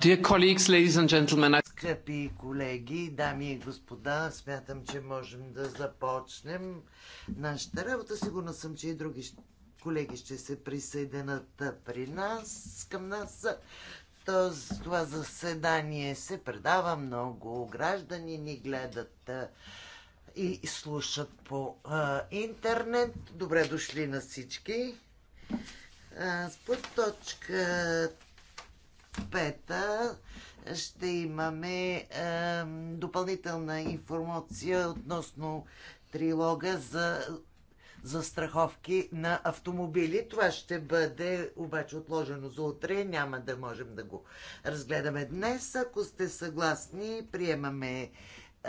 Dear colleagues, ladies and gentlemen, I... Скъпи колеги, дами и господа, смятам, че можем да започнем нашата работа. Сигурна съм, че и други колеги ще се присъединят при нас, към нас. Тоест, това заседание се предава много граждани, ни гледат и слушат по а, интернет. Добре дошли на всички. С подточката. точка пета ще имаме е, допълнителна информация относно трилога за застраховки на автомобили. Това ще бъде обаче отложено за утре. Няма да можем да го разгледаме днес. Ако сте съгласни, приемаме е,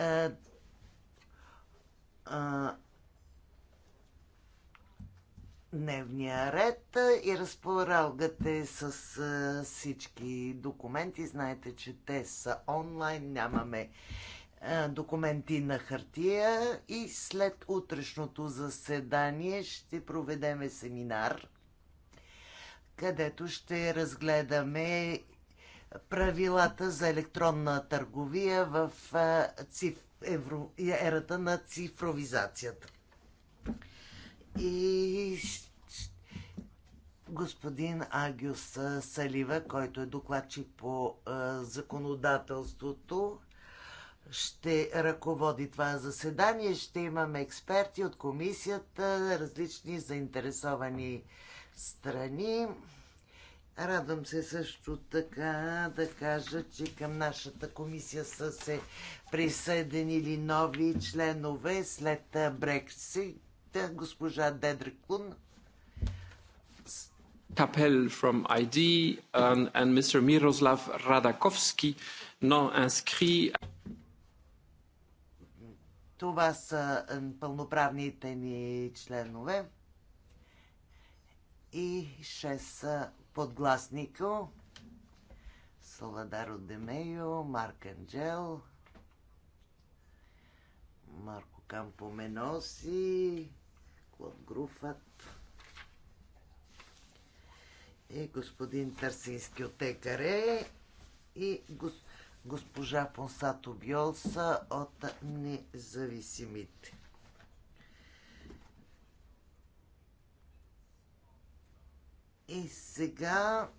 е, дневния ред и разполагате с всички документи. Знаете, че те са онлайн, нямаме документи на хартия и след утрешното заседание ще проведеме семинар, където ще разгледаме правилата за електронна търговия в циф... евро... ерата на цифровизацията и господин Агюс Салива, който е докладчик по законодателството, ще ръководи това заседание. Ще имаме експерти от комисията, различни заинтересовани страни. Радвам се също така да кажа, че към нашата комисия са се присъединили нови членове след Брексит госпожа Дедри Кун. Капел from ID um, and Mr. Miroslav Radakovsky, non inscrit. Това са пълноправните ни членове и 6 подгласнико. Саладаро Демейо, Марк Анджел, Марко Кампоменоси, Клод Груфът и господин Търсински от ЕКАРЕ и гос, госпожа Понсато Биолса от Независимите. И сега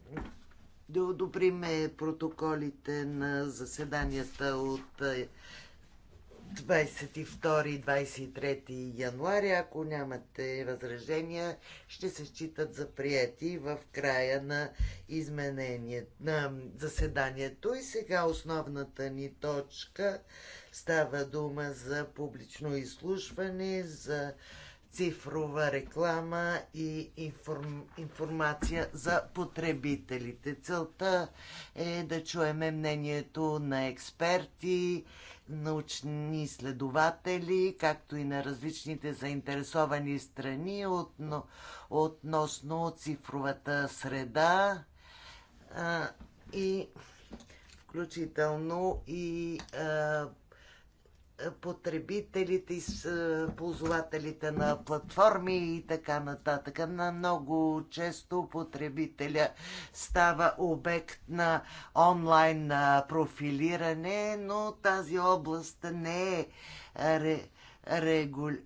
да одобриме протоколите на заседанията от 22 и 23 януари. Ако нямате възражения, ще се считат за прияти в края на изменение на заседанието. И сега основната ни точка става дума за публично изслушване, за цифрова реклама и информ, информация за потребителите. Целта е да чуеме мнението на експерти, научни изследователи, както и на различните заинтересовани страни отно, относно цифровата среда а, и включително и а, потребителите и е, ползвателите на платформи и така нататък. На много често потребителя става обект на онлайн профилиране, но тази област не е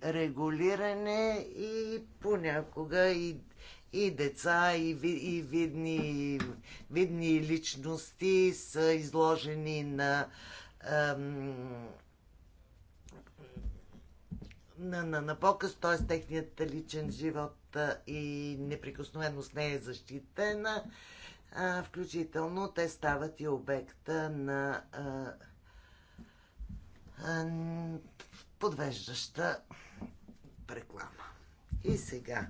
регулиране и понякога и и деца, и, и видни, видни личности са изложени на ам, на, на, на показ, т.е. техният личен живот и неприкосновеност не е защитена. А, включително те стават и обекта на а, а, подвеждаща реклама. И сега.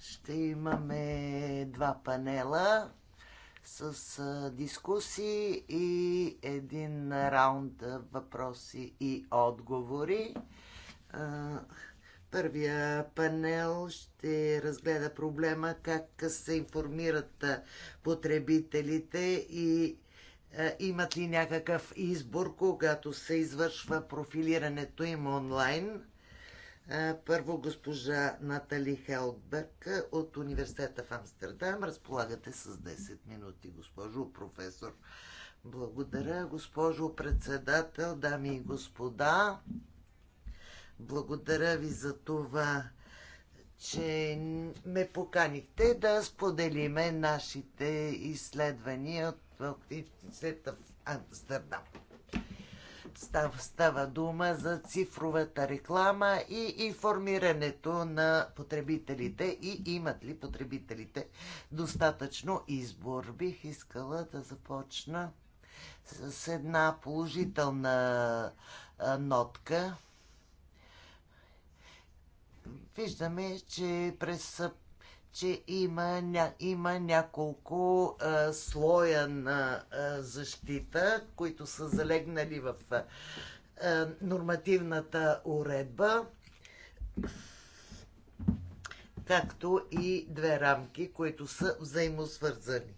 Ще имаме два панела с дискусии и един раунд въпроси и отговори. Първия панел ще разгледа проблема как се информират потребителите и имат ли някакъв избор, когато се извършва профилирането им онлайн. Първо госпожа Натали Хелберг от университета в Амстердам. Разполагате с 10 минути, госпожо професор. Благодаря, госпожо председател, дами и господа. Благодаря ви за това, че ме поканихте да споделиме нашите изследвания от университета в Амстердам става, става дума за цифровата реклама и информирането на потребителите и имат ли потребителите достатъчно избор. Бих искала да започна с една положителна нотка. Виждаме, че през че има, ня, има няколко а, слоя на а, защита, които са залегнали в а, нормативната уредба, както и две рамки, които са взаимосвързани.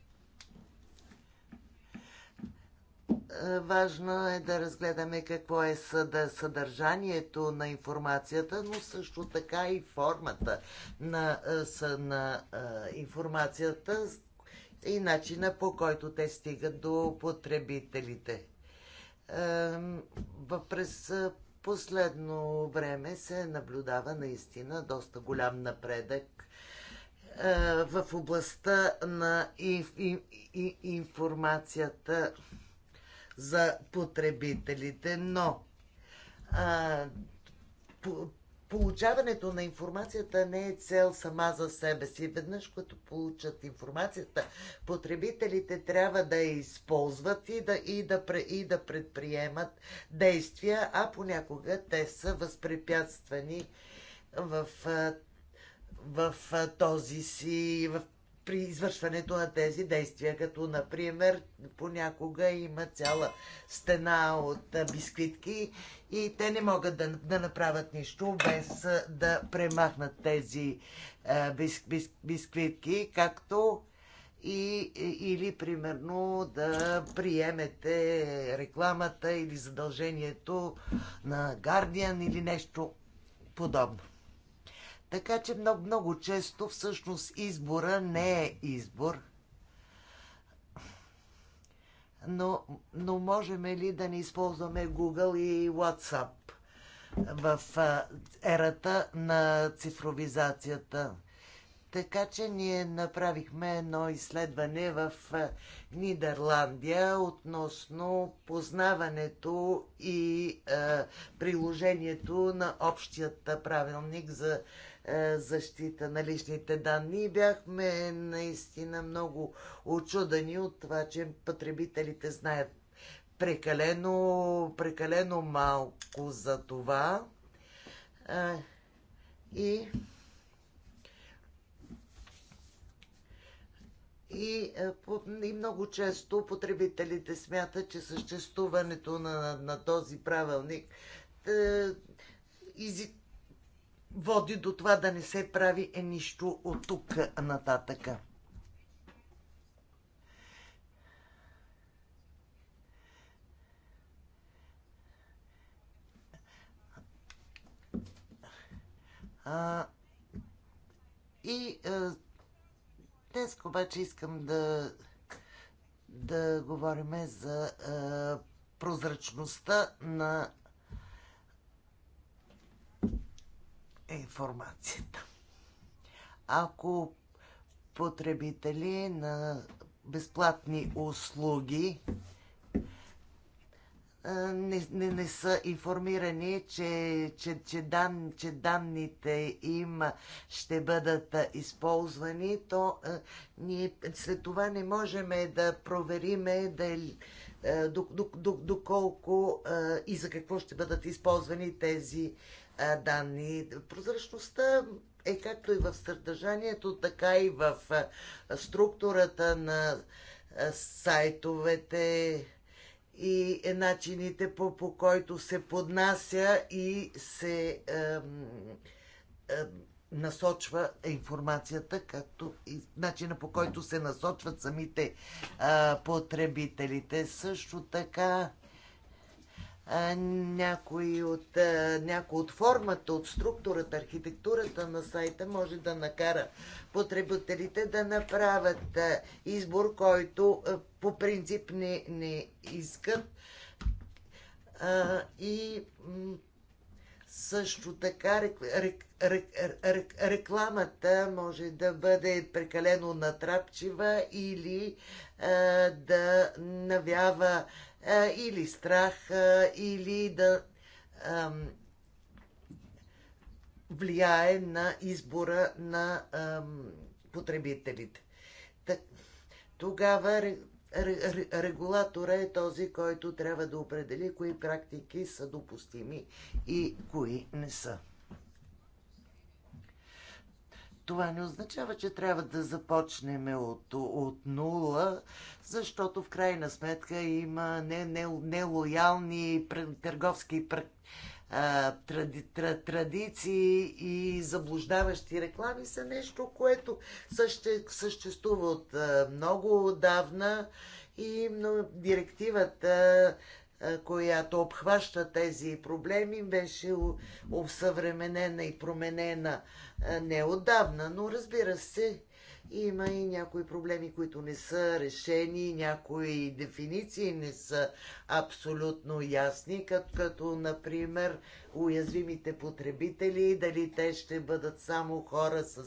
Е, важно е да разгледаме какво е съда, съдържанието на информацията, но също така и формата на, е, на е, информацията и начина по който те стигат до потребителите. През последно време се наблюдава наистина доста голям напредък в областта на информацията за потребителите, но а, по, получаването на информацията не е цел сама за себе си. Веднъж, като получат информацията, потребителите трябва да я използват и да, и да, и да предприемат действия, а понякога те са възпрепятствани в, в, в този си, в при извършването на тези действия, като например понякога има цяла стена от бисквитки и те не могат да, да направят нищо без да премахнат тези е, бис, бис, бисквитки, както и, или примерно да приемете рекламата или задължението на Guardian или нещо подобно. Така че много, много често всъщност избора не е избор. Но, но можем ли да не използваме Google и WhatsApp в ерата на цифровизацията? Така че ние направихме едно изследване в Нидерландия относно познаването и а, приложението на общият правилник за е, защита на личните данни. И бяхме наистина много очудени от това, че потребителите знаят прекалено, прекалено малко за това. Е, и И, е, и много често потребителите смятат, че съществуването на, на, този правилник изи, води до това да не се прави е нищо от тук нататъка. А, и а, днес обаче искам да, да говорим за а, прозрачността на е информацията. Ако потребители на безплатни услуги не, не, не са информирани, че, че, че, дан, че данните им ще бъдат използвани, то а, ние след това не можем да провериме дали доколко и за какво ще бъдат използвани тези данни. Прозрачността е както и в съдържанието, така и в структурата на сайтовете и е, начините по, по който се поднася и се е, е, насочва информацията, както и начина по който се насочват самите е, потребителите. Също така някои от, някои от формата, от структурата, архитектурата на сайта може да накара потребителите да направят избор, който по принцип не, не искат. И също така рекламата може да бъде прекалено натрапчива или да навява или страх, или да влияе на избора на потребителите. Тогава регулатора е този, който трябва да определи кои практики са допустими и кои не са. Това не означава, че трябва да започнем от, от нула, защото в крайна сметка има нелоялни не, не, търговски а, тради, тра, традиции и заблуждаващи реклами са нещо, което съще, съществува от а, много отдавна и но, директивата която обхваща тези проблеми, беше обсъвременена и променена неодавна. Но разбира се, има и някои проблеми, които не са решени, някои дефиниции не са абсолютно ясни, като, като например уязвимите потребители, дали те ще бъдат само хора с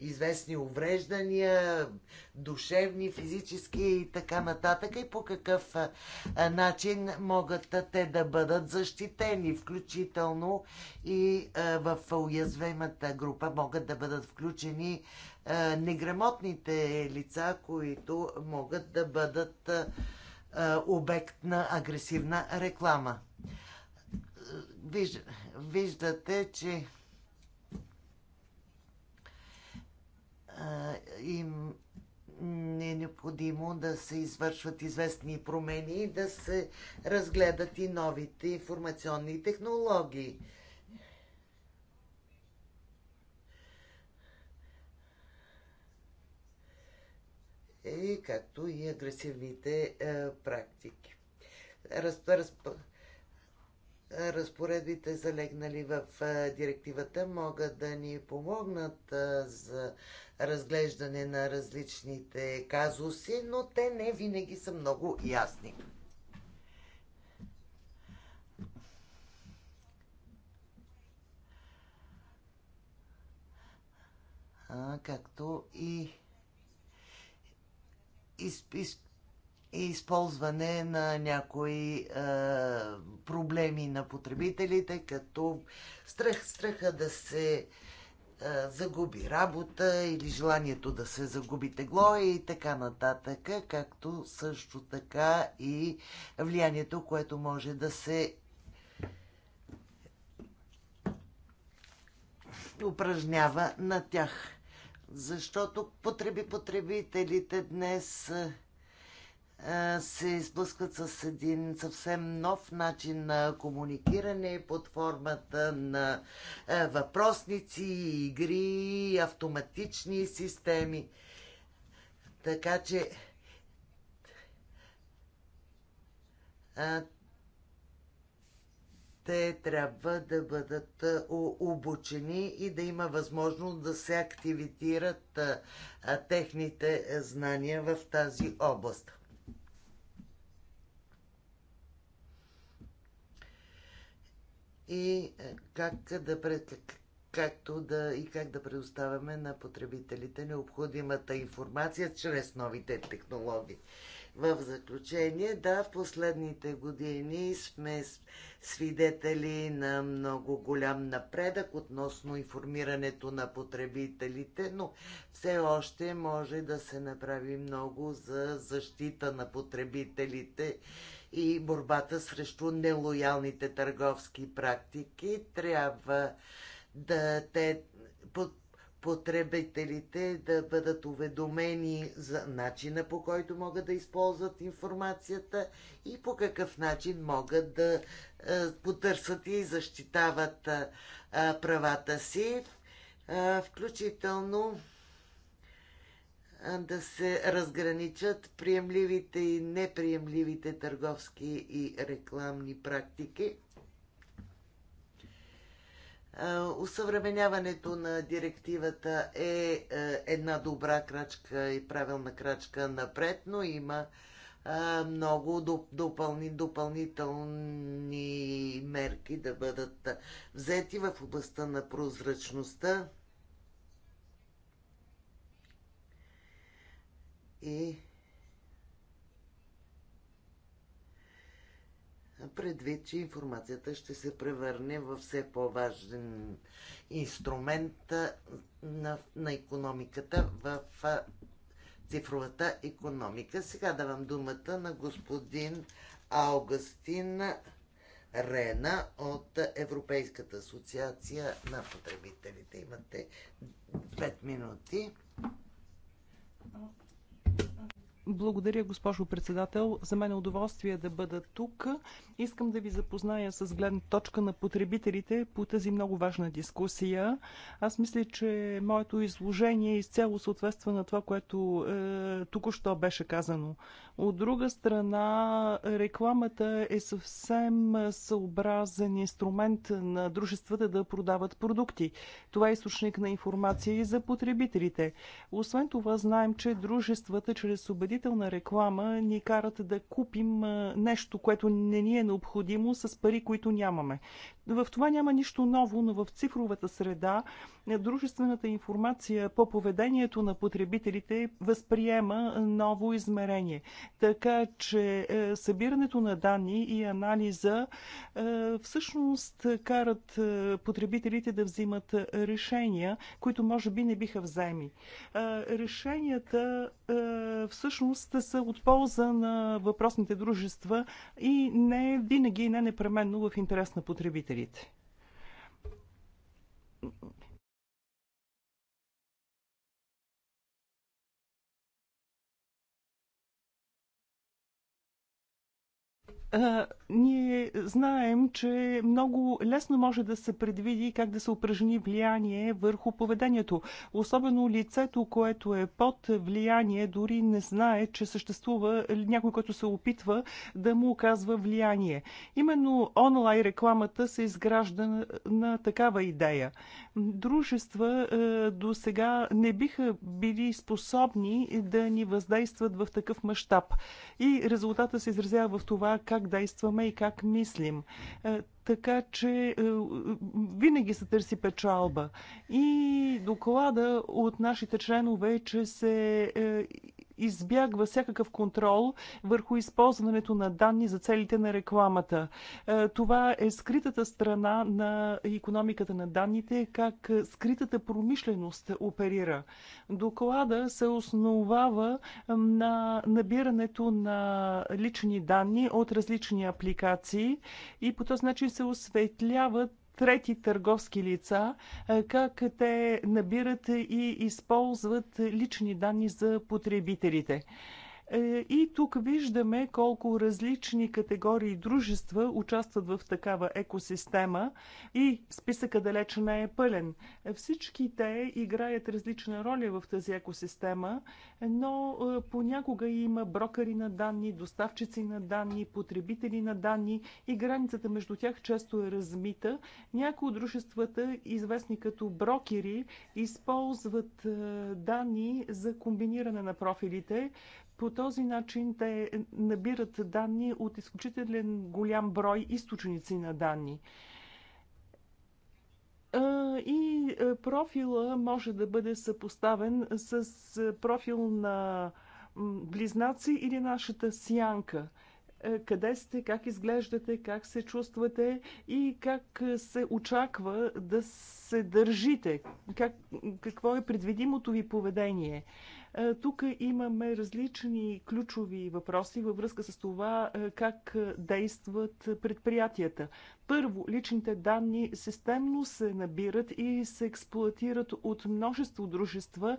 известни увреждания, душевни, физически и така нататък и по какъв начин могат те да бъдат защитени, включително и в уязвемата група могат да бъдат включени неграмотните лица, които могат да бъдат обект на агресивна реклама. Виждате, че им не е необходимо да се извършват известни промени и да се разгледат и новите информационни технологии. И както и агресивните е, практики. Раз, раз, разпоредбите залегнали в директивата могат да ни помогнат за разглеждане на различните казуси, но те не винаги са много ясни. както и изпис, и използване на някои е, проблеми на потребителите, като страх, страха да се е, загуби работа или желанието да се загуби тегло и така нататък, както също така и влиянието, което може да се упражнява на тях. Защото потреби потребителите днес се изблъскват с един съвсем нов начин на комуникиране под формата на въпросници, игри, автоматични системи. Така че те трябва да бъдат обучени и да има възможност да се активитират техните знания в тази област. и е, как да, както да, и как да предоставяме на потребителите необходимата информация чрез новите технологии. В заключение, да, в последните години сме свидетели на много голям напредък относно информирането на потребителите, но все още може да се направи много за защита на потребителите и борбата срещу нелоялните търговски практики. Трябва да те под потребителите да бъдат уведомени за начина по който могат да използват информацията и по какъв начин могат да е, потърсят и защитават е, правата си, е, включително да се разграничат приемливите и неприемливите търговски и рекламни практики. Усъвременяването на директивата е, е една добра крачка и правилна крачка напред, но има много допълни, допълнителни мерки да бъдат взети в областта на прозрачността и е предвид, че информацията ще се превърне в все по-важен инструмент на, на економиката в цифровата економика. Сега давам думата на господин Аугастин Рена от Европейската асоциация на потребителите. Имате 5 минути. Благодаря, госпожо председател. За мен е удоволствие да бъда тук. Искам да ви запозная с гледна точка на потребителите по тази много важна дискусия. Аз мисля, че моето изложение изцяло съответства на това, което е, току-що беше казано. От друга страна, рекламата е съвсем съобразен инструмент на дружествата да продават продукти. Това е източник на информация и за потребителите. Освен това, знаем, че дружествата чрез убедителност предварителна реклама ни карат да купим нещо, което не ни е необходимо с пари, които нямаме. В това няма нищо ново, но в цифровата среда е, дружествената информация по поведението на потребителите възприема ново измерение. Така че е, събирането на данни и анализа е, всъщност карат потребителите да взимат решения, които може би не биха вземи. Решенията всъщност всъщност са от полза на въпросните дружества и не винаги и не непременно в интерес на потребителите. ние знаем, че много лесно може да се предвиди как да се упражни влияние върху поведението. Особено лицето, което е под влияние, дори не знае, че съществува някой, който се опитва да му оказва влияние. Именно онлайн рекламата се изгражда на такава идея. Дружества до сега не биха били способни да ни въздействат в такъв мащаб. И резултата се изразява в това как как действаме и как мислим. Е, така че е, е, винаги се търси печалба. И доклада от нашите членове, че се избягва всякакъв контрол върху използването на данни за целите на рекламата. Е, това е скритата страна на економиката на данните, как скритата промишленост оперира. Доклада се основава на набирането на лични данни от различни апликации и по този начин се осветляват трети търговски лица, е, как те набират и използват лични данни за потребителите. Е, и тук виждаме колко различни категории дружества участват в такава екосистема и списъка далеч не е пълен. Всички те играят различна роля в тази екосистема, но е, понякога има брокери на данни, доставчици на данни, потребители на данни и границата между тях често е размита. Някои от дружествата, известни като брокери, използват е, данни за комбиниране на профилите, по този начин те набират данни от изключителен голям брой източници на данни. И профила може да бъде съпоставен с профил на близнаци или нашата сянка къде сте, как изглеждате, как се чувствате и как се очаква да се държите, как, какво е предвидимото ви поведение. Е, тук имаме различни ключови въпроси във връзка с това е, как е, действат предприятията. Първо, личните данни системно се набират и се експлуатират от множество дружества,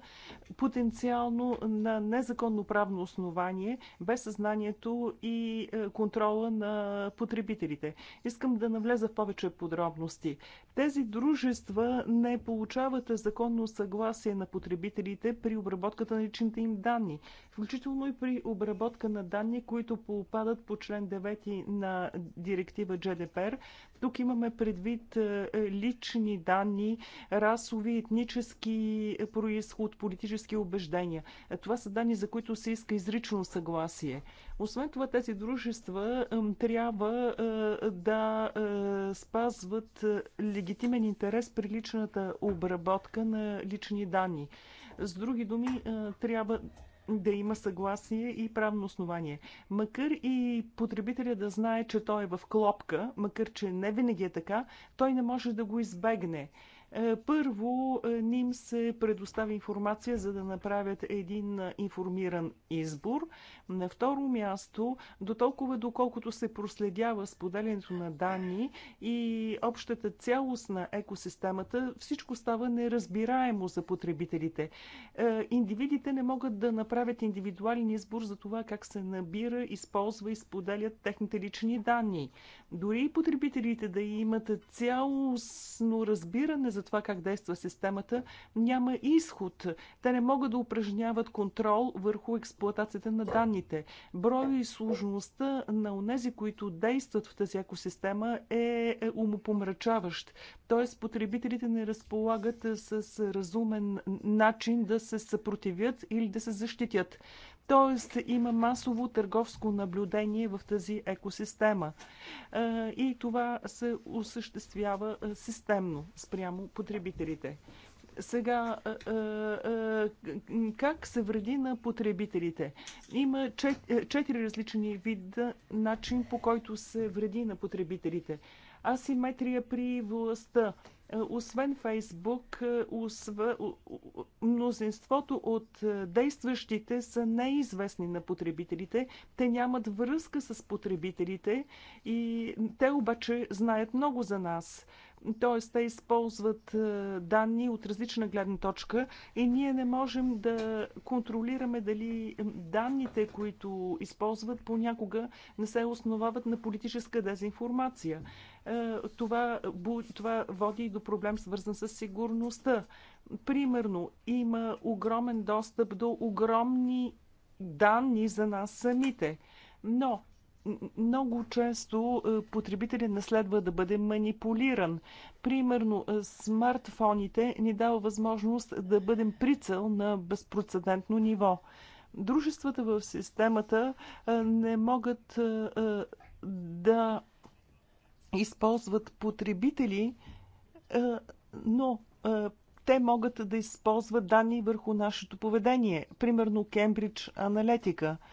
потенциално на незаконно правно основание, без съзнанието и е, контрола на потребителите. Искам да навлеза в повече подробности. Тези дружества не получават законно съгласие на потребителите при обработката на личните им данни, включително и при обработка на данни, които попадат по член 9 на директива GDPR – тук имаме предвид е, лични данни, расови, етнически происход, политически убеждения. Е, това са данни, за които се иска изрично съгласие. Освен това, тези дружества трябва е, да спазват легитимен интерес при личната обработка на лични данни. С други думи, трябва да има съгласие и правно основание. Макар и потребителя да знае, че той е в клопка, макар че не винаги е така, той не може да го избегне. Е, първо, е, ним се предостави информация, за да направят един е, информиран избор. На второ място, до толкова доколкото се проследява споделянето на данни и общата цялост на екосистемата, всичко става неразбираемо за потребителите. Е, индивидите не могат да направят индивидуален избор за това как се набира, използва и споделят техните лични данни. Дори и потребителите да имат цялостно разбиране за това как действа системата, няма изход. Те не могат да упражняват контрол върху експлуатацията на данните данните. Броя и сложността на онези, които действат в тази екосистема е умопомрачаващ. Тоест потребителите не разполагат с разумен начин да се съпротивят или да се защитят. Тоест има масово търговско наблюдение в тази екосистема. И това се осъществява системно спрямо потребителите. Сега, как се вреди на потребителите? Има четири различни вида начин по който се вреди на потребителите. Асиметрия при властта. Освен Фейсбук, мнозинството от действащите са неизвестни на потребителите. Те нямат връзка с потребителите и те обаче знаят много за нас т.е. те използват е, данни от различна гледна точка и ние не можем да контролираме дали данните, които използват, понякога не се основават на политическа дезинформация. Е, това, това води и до проблем, свързан с сигурността. Примерно, има огромен достъп до огромни данни за нас самите. Но много често е, потребителя не следва да бъде манипулиран. Примерно, е, смартфоните ни дава възможност да бъдем прицел на безпроцедентно ниво. Дружествата в системата е, не могат да използват потребители, но те могат да използват данни върху нашето поведение. Примерно Кембридж Аналетика –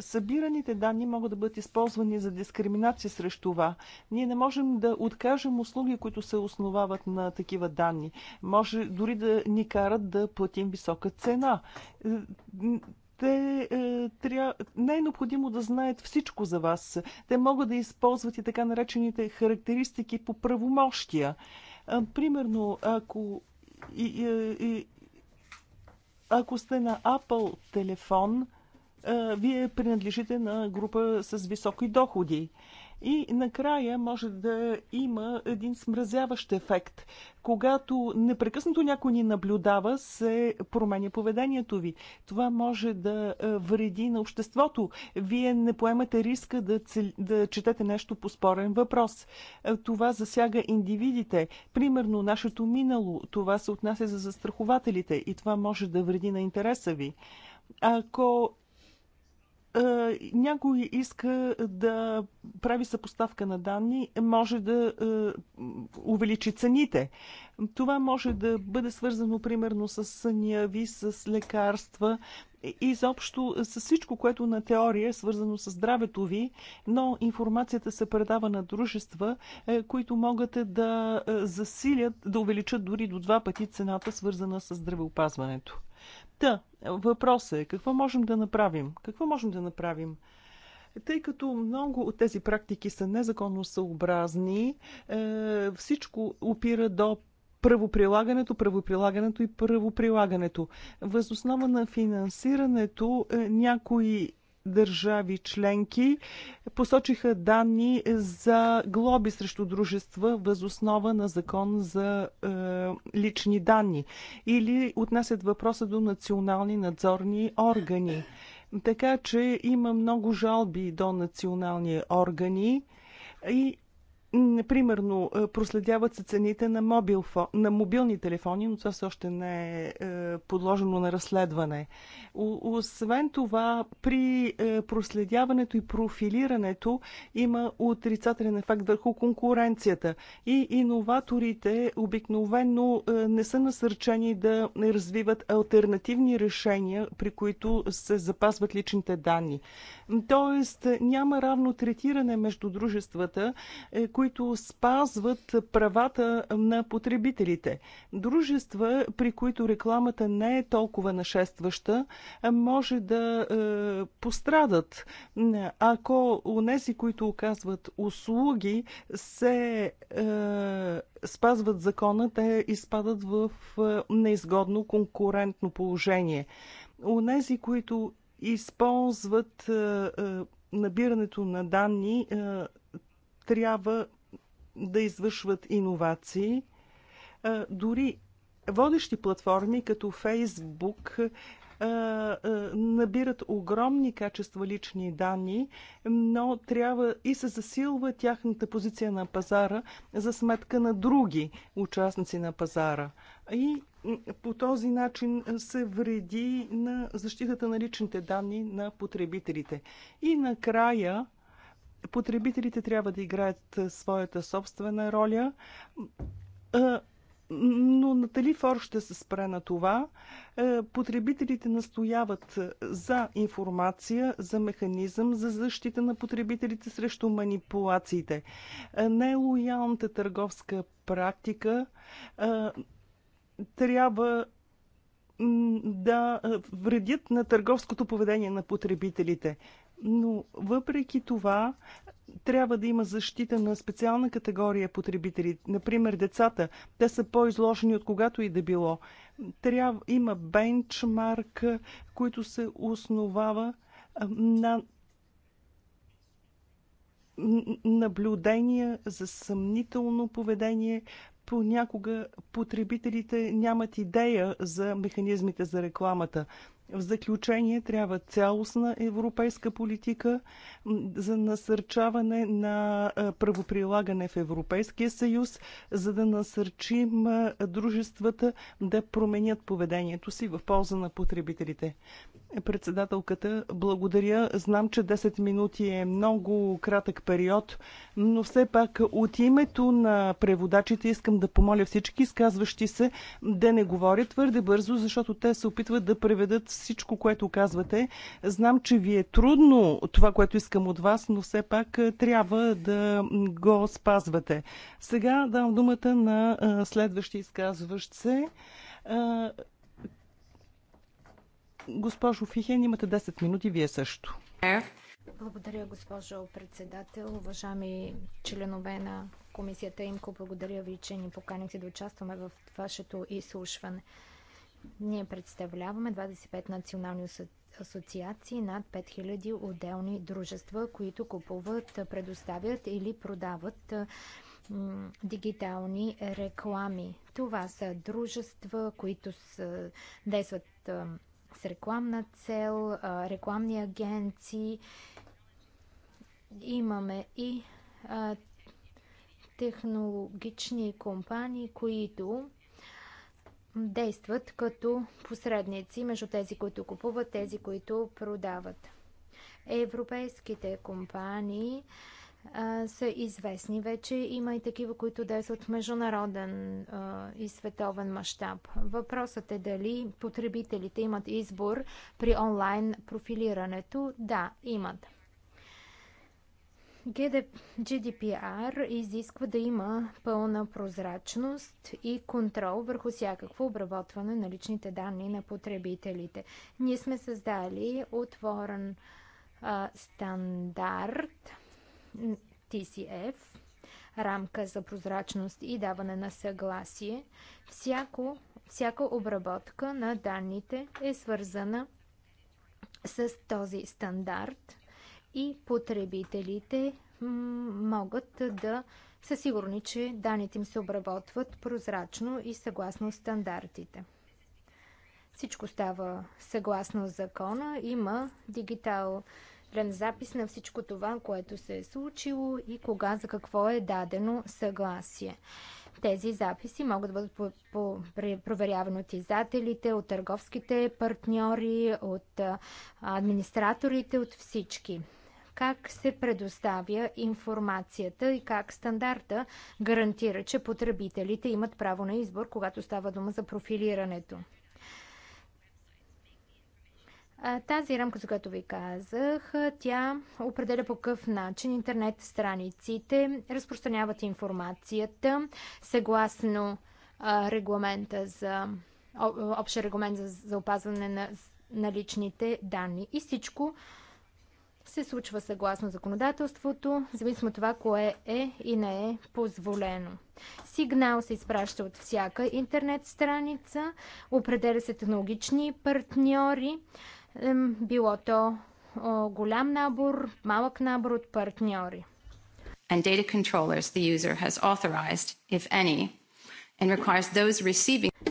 Събираните данни могат да бъдат използвани за дискриминация срещу това. Ние не можем да откажем услуги, които се основават на такива данни. Може дори да ни карат да платим висока цена. Е, те е, тря... не е необходимо да знаят всичко за вас. Те могат да използват и така наречените характеристики по правомощия. Е, примерно, ако и, и, и, ако сте на Apple телефон, вие принадлежите на група с високи доходи. И накрая може да има един смразяващ ефект. Когато непрекъснато някой ни наблюдава, се променя поведението ви. Това може да вреди на обществото. Вие не поемате риска да, цел... да четете нещо по спорен въпрос. Това засяга индивидите. Примерно нашето минало. Това се отнася за застрахователите и това може да вреди на интереса ви. Ако е, някой иска да прави съпоставка на данни, може да е, увеличи цените. Това може да бъде свързано примерно с съняви, ви, с лекарства, и изобщо с всичко, което на теория е свързано с здравето ви, но информацията се предава на дружества, е, които могат да засилят, да увеличат дори до два пъти цената, свързана с здравеопазването. Та, въпросът е какво можем да направим? Какво можем да направим? Тъй като много от тези практики са незаконно съобразни, е, всичко опира до правоприлагането, правоприлагането и правоприлагането. Възоснова на финансирането е, някои държави членки посочиха данни за глоби срещу дружества въз основа на закон за е, лични данни или отнасят въпроса до национални надзорни органи. Така че има много жалби до национални органи и Примерно, е, проследяват се цените на, мобил, на мобилни телефони, но това все още не е, е подложено на разследване. Освен това, при е, проследяването и профилирането има отрицателен ефект върху конкуренцията. И иноваторите обикновено не са насърчени да развиват альтернативни решения, при които се запазват личните данни. Тоест, няма равно третиране между дружествата, които спазват правата на потребителите. Дружества, при които рекламата не е толкова нашестваща, може да е, пострадат, ако унеси, които оказват услуги, се е, спазват закона, те изпадат в е, неизгодно конкурентно положение. Унеси, които използват е, е, набирането на данни е, трябва да извършват иновации. Дори водещи платформи като Фейсбук набират огромни качества лични данни, но трябва и се засилва тяхната позиция на пазара за сметка на други участници на пазара. И по този начин се вреди на защитата на личните данни на потребителите. И накрая потребителите трябва да играят своята собствена роля. Но Натали Фор ще се спре на това. Потребителите настояват за информация, за механизъм за защита на потребителите срещу манипулациите. Нелоялната търговска практика трябва да вредят на търговското поведение на потребителите. Но въпреки това трябва да има защита на специална категория потребители, например децата. Те са по-изложени от когато и да било. Трябва, има бенчмарк, който се основава на наблюдения за съмнително поведение. Понякога потребителите нямат идея за механизмите за рекламата. В заключение трябва цялостна европейска политика за насърчаване на правоприлагане в Европейския съюз, за да насърчим дружествата да променят поведението си в полза на потребителите. Председателката, благодаря. Знам, че 10 минути е много кратък период, но все пак от името на преводачите искам да помоля всички изказващи се да не говорят твърде бързо, защото те се опитват да преведат всичко, което казвате. Знам, че ви е трудно това, което искам от вас, но все пак е, трябва да го спазвате. Сега дам думата на е, следващия изказващ се. Е, госпожо Фихен, имате 10 минути, вие също. Благодаря, госпожо председател. Уважаеми членове на комисията ИМКО, благодаря ви, че ни поканихте да участваме в вашето изслушване. Ние представляваме 25 национални асоциации, над 5000 отделни дружества, които купуват, предоставят или продават дигитални реклами. Това са дружества, които са, действат с рекламна цел, рекламни агенции. Имаме и технологични компании, които действат като посредници между тези, които купуват, тези, които продават. Европейските компании а, са известни вече. Има и такива, които действат в международен а, и световен мащаб. Въпросът е дали потребителите имат избор при онлайн профилирането. Да, имат. GDPR изисква да има пълна прозрачност и контрол върху всякакво обработване на личните данни на потребителите. Ние сме създали отворен а, стандарт TCF, рамка за прозрачност и даване на съгласие. Всяко, всяка обработка на данните е свързана с този стандарт – и потребителите могат да са сигурни, че данните им се обработват прозрачно и съгласно стандартите. Всичко става съгласно закона. Има дигитал запис на всичко това, което се е случило и кога за какво е дадено съгласие. Тези записи могат да бъдат по, по, проверявани от издателите, от търговските партньори, от администраторите, от всички как се предоставя информацията и как стандарта гарантира, че потребителите имат право на избор, когато става дума за профилирането. Тази рамка, за която ви казах, тя определя по какъв начин интернет страниците разпространяват информацията съгласно регламента за общ регламент за, за опазване на, на личните данни. И всичко се случва съгласно законодателството, зависимо от това, кое е и не е позволено. Сигнал се изпраща от всяка интернет страница, определя се технологични партньори, било то голям набор, малък набор от партньори. And data controllers the user has authorized, if any,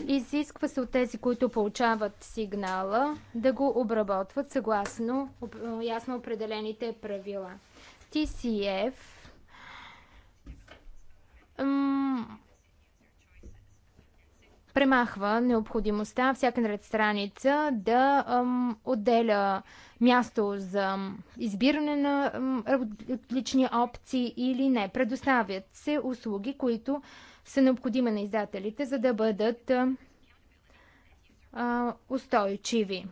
Изисква се от тези, които получават сигнала, да го обработват съгласно ясно определените правила. TCF премахва необходимостта всяка наред страница да отделя място за избиране на ам, лични опции или не. Предоставят се услуги, които са необходими на издателите, за да бъдат а, устойчиви.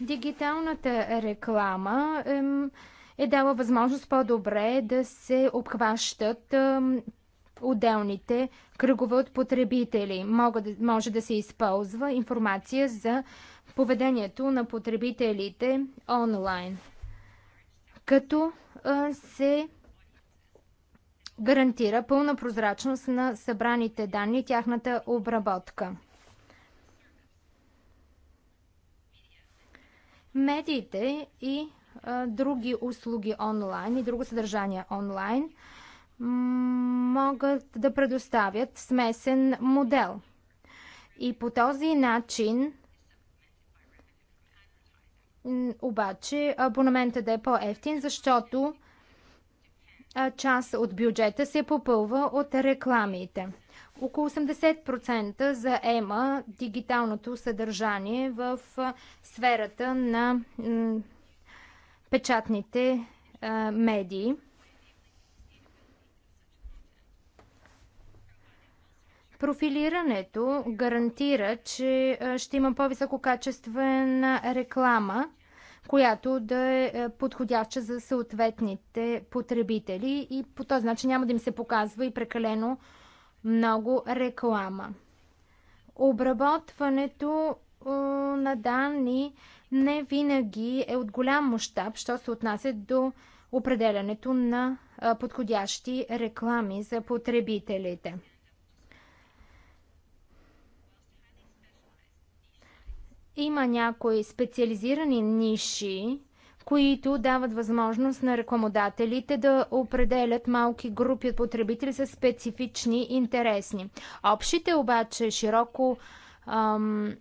Дигиталната реклама е, е дала възможност по-добре да се обхващат е, отделните кръгове от потребители. Мога, може да се използва информация за поведението на потребителите онлайн, като е, се гарантира пълна прозрачност на събраните данни и тяхната обработка. Медиите и а, други услуги онлайн и друго съдържание онлайн могат да предоставят смесен модел. И по този начин обаче абонаментът да е по-ефтин, защото част от бюджета се попълва от рекламите. Около 80% заема дигиталното съдържание в сферата на печатните медии. Профилирането гарантира, че ще има по-високо качествена реклама която да е, е подходяща за съответните потребители и по този начин няма да им се показва и прекалено много реклама. Обработването е, на данни не винаги е от голям мащаб, що се отнася до определянето на е, подходящи реклами за потребителите. Има някои специализирани ниши, които дават възможност на рекламодателите да определят малки групи от потребители с специфични интересни. Общите обаче широко ам,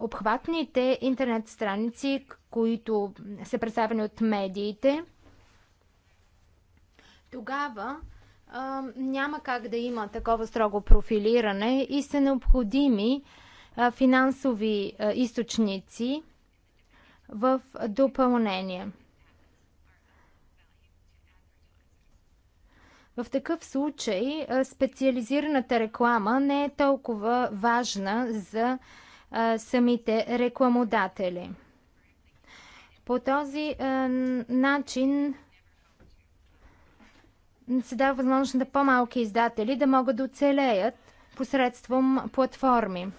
обхватните интернет страници, които са представени от медиите, тогава ам, няма как да има такова строго профилиране и са необходими финансови източници в допълнение. В такъв случай специализираната реклама не е толкова важна за самите рекламодатели. По този начин се дава възможност на по-малки издатели да могат да оцелеят посредством платформи.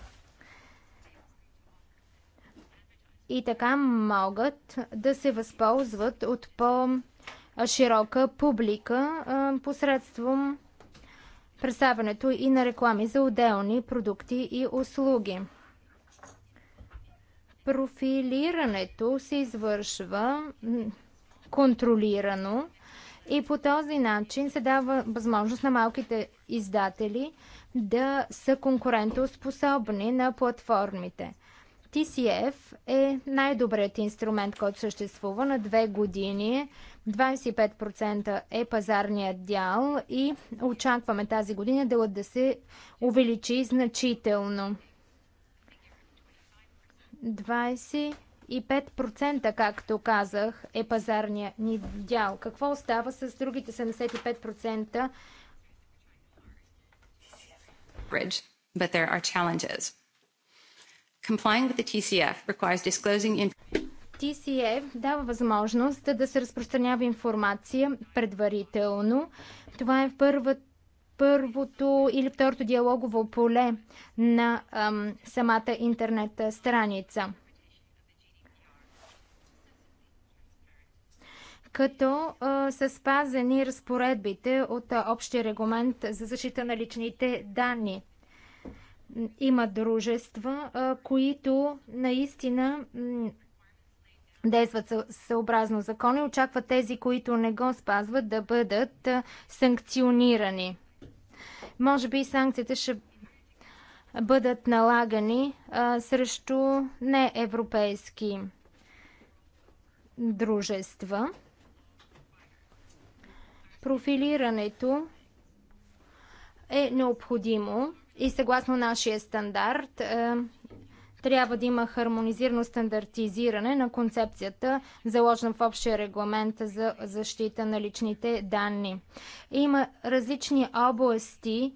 и така могат да се възползват от по-широка публика посредством представянето и на реклами за отделни продукти и услуги. Профилирането се извършва контролирано и по този начин се дава възможност на малките издатели да са конкурентоспособни на платформите. TCF е най-добрият инструмент, който съществува на две години. 25% е пазарният дял и очакваме тази година делът да се увеличи значително. 25%, както казах, е пазарният ни дял. Какво остава с другите 75%? But there are challenges. Complying with the TCF requires disclosing TCF дава възможност да се разпространява информация предварително. Това е първото или второто диалогово поле на ам, самата интернет страница. като а, са спазени разпоредбите от а, общия регламент за защита на личните данни. Има дружества, които наистина действат съобразно закон и очакват тези, които не го спазват, да бъдат санкционирани. Може би санкциите ще бъдат налагани а, срещу неевропейски дружества. Профилирането е необходимо и съгласно нашия стандарт, е, трябва да има хармонизирано стандартизиране на концепцията, заложена в общия регламент за защита на личните данни. Има различни области,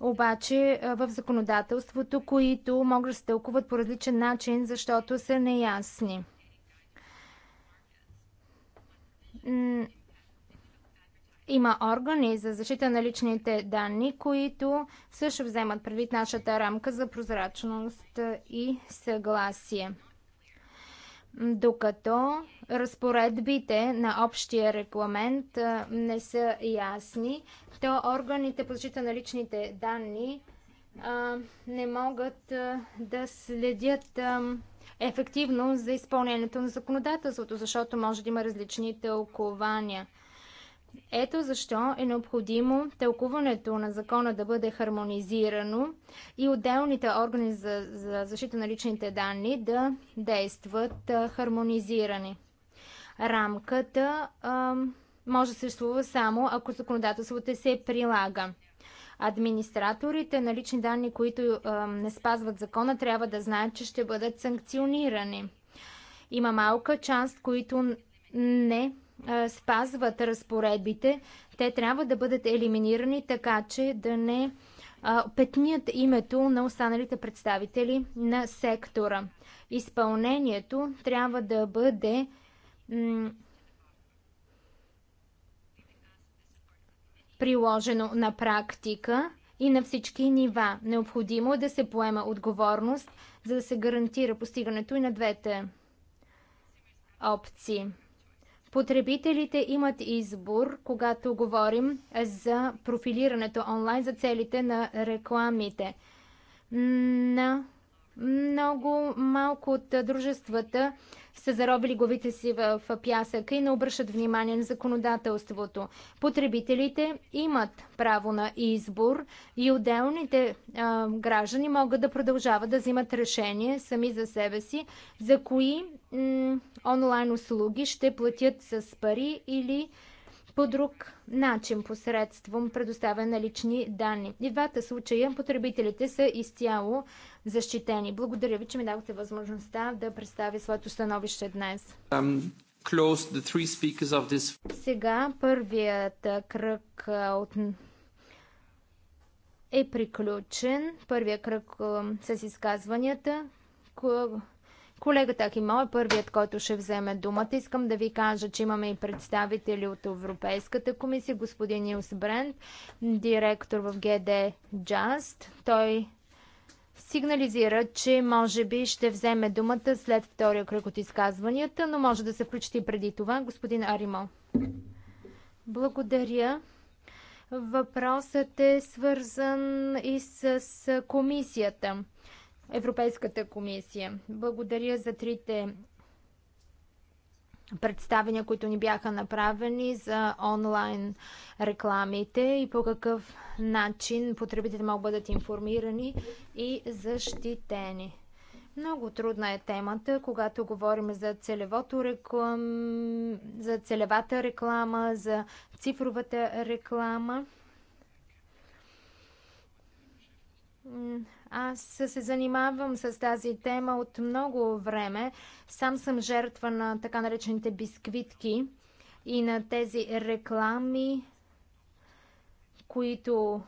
обаче е, в законодателството, които могат да се тълкуват по различен начин, защото са неясни има органи за защита на личните данни, които също вземат предвид нашата рамка за прозрачност и съгласие. Докато разпоредбите на общия регламент не са ясни, то органите по защита на личните данни не могат да следят ефективно за изпълнението на законодателството, защото може да има различни тълкования. Ето защо е необходимо тълкуването на закона да бъде хармонизирано и отделните органи за, за защита на личните данни да действат а, хармонизирани. Рамката а, може да съществува само ако законодателството се прилага. Администраторите на лични данни, които а, не спазват закона, трябва да знаят, че ще бъдат санкционирани. Има малка част, които не спазват разпоредбите, те трябва да бъдат елиминирани така, че да не петният името на останалите представители на сектора. Изпълнението трябва да бъде приложено на практика и на всички нива. Необходимо е да се поема отговорност, за да се гарантира постигането и на двете опции. Потребителите имат избор, когато говорим за профилирането онлайн за целите на рекламите. На много малко от дружествата са заробили главите си в пясъка и не обръщат внимание на законодателството. Потребителите имат право на избор и отделните а, граждани могат да продължават да взимат решение сами за себе си за кои онлайн услуги ще платят с пари или по друг начин посредством предоставяне на лични данни. И в двата случая потребителите са изцяло защитени. Благодаря ви, че ми дадохте възможността да представя своето становище днес. Um, Сега първият кръг от е приключен. Първия кръг с изказванията. Колегата Ахимо е първият, който ще вземе думата. Искам да ви кажа, че имаме и представители от Европейската комисия, господин Нилс Брент, директор в ГД Джаст. Той сигнализира, че може би ще вземе думата след втория кръг от изказванията, но може да се включи и преди това. Господин Аримо. Благодаря. Въпросът е свързан и с комисията. Европейската комисия. Благодаря за трите представения, които ни бяха направени за онлайн рекламите и по какъв начин потребителите могат бъдат информирани и защитени. Много трудна е темата, когато говорим за, целевото реклам... за целевата реклама, за цифровата реклама аз се занимавам с тази тема от много време. Сам съм жертва на така наречените бисквитки и на тези реклами, които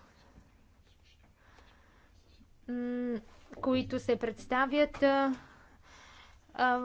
които се представят а, а,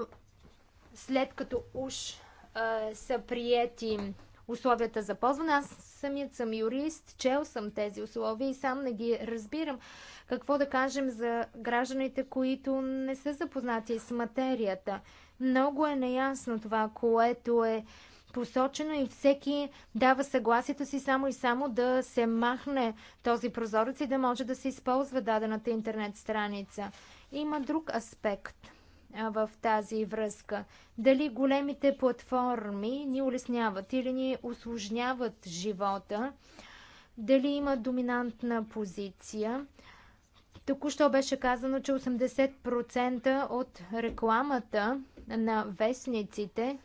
след като уж а, са приети условията за ползване. Аз самият съм юрист, чел съм тези условия и сам не ги разбирам. Какво да кажем за гражданите, които не са запознати с материята? Много е неясно това, което е посочено и всеки дава съгласието си само и само да се махне този прозорец и да може да се използва дадената интернет страница. Има друг аспект – в тази връзка. Дали големите платформи ни улесняват или ни осложняват живота, дали има доминантна позиция. Току-що беше казано, че 80% от рекламата на вестниците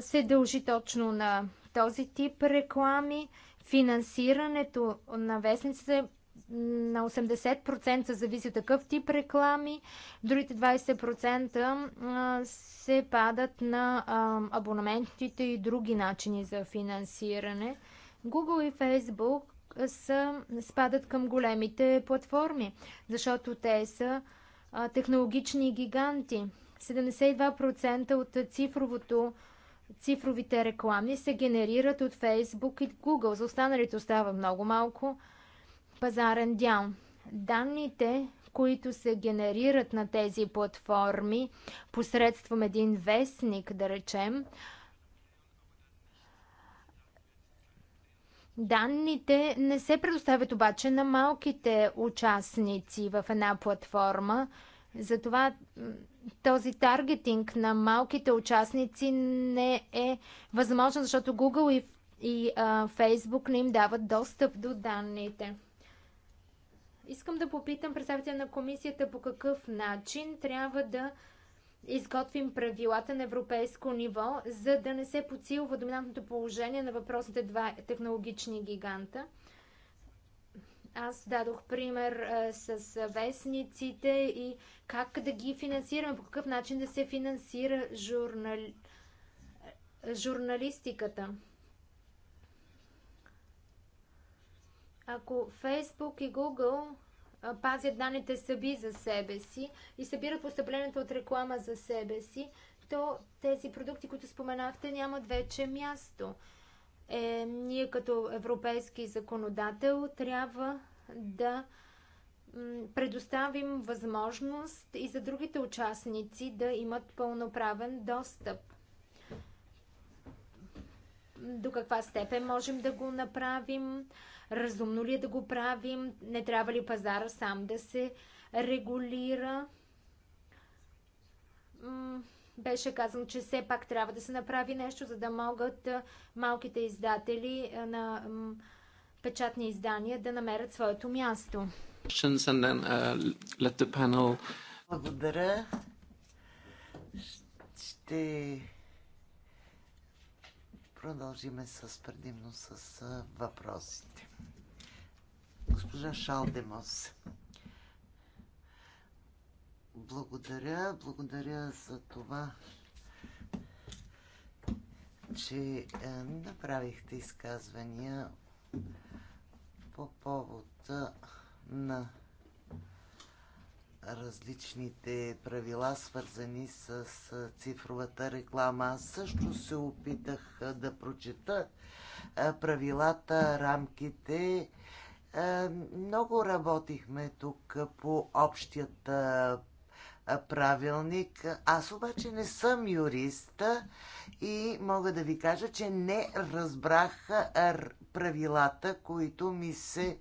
се дължи точно на този тип реклами. Финансирането на вестниците на 80% зависи такъв тип реклами, другите 20% се падат на абонаментите и други начини за финансиране. Google и Facebook са, спадат към големите платформи, защото те са технологични гиганти. 72% от цифровото, цифровите реклами се генерират от Facebook и Google. За останалите остава много малко пазарен дял. Данните, които се генерират на тези платформи посредством един вестник, да речем, Данните не се предоставят обаче на малките участници в една платформа. Затова този таргетинг на малките участници не е възможен, защото Google и, и а, Facebook не им дават достъп до данните. Искам да попитам представител на комисията по какъв начин трябва да изготвим правилата на европейско ниво, за да не се подсилва доминантното положение на въпросите два технологични гиганта. Аз дадох пример а, с вестниците и как да ги финансираме, по какъв начин да се финансира журнал... журналистиката. Ако Фейсбук и Google пазят данните съби за себе си и събират постъплението от реклама за себе си, то тези продукти, които споменахте, нямат вече място. Е, ние като европейски законодател трябва да предоставим възможност и за другите участници да имат пълноправен достъп. До каква степен можем да го направим? Разумно ли е да го правим? Не трябва ли пазара сам да се регулира? Беше казано, че все пак трябва да се направи нещо, за да могат малките издатели на печатни издания да намерят своето място. Uh, Благодаря. Ще продължиме с предимно с въпросите. Госпожа Шалдемос. Благодаря, благодаря за това, че е, направихте изказвания по повод на различните правила, свързани с цифровата реклама. Аз също се опитах да прочета правилата, рамките. Много работихме тук по общият правилник. Аз обаче не съм юрист и мога да ви кажа, че не разбрах правилата, които ми се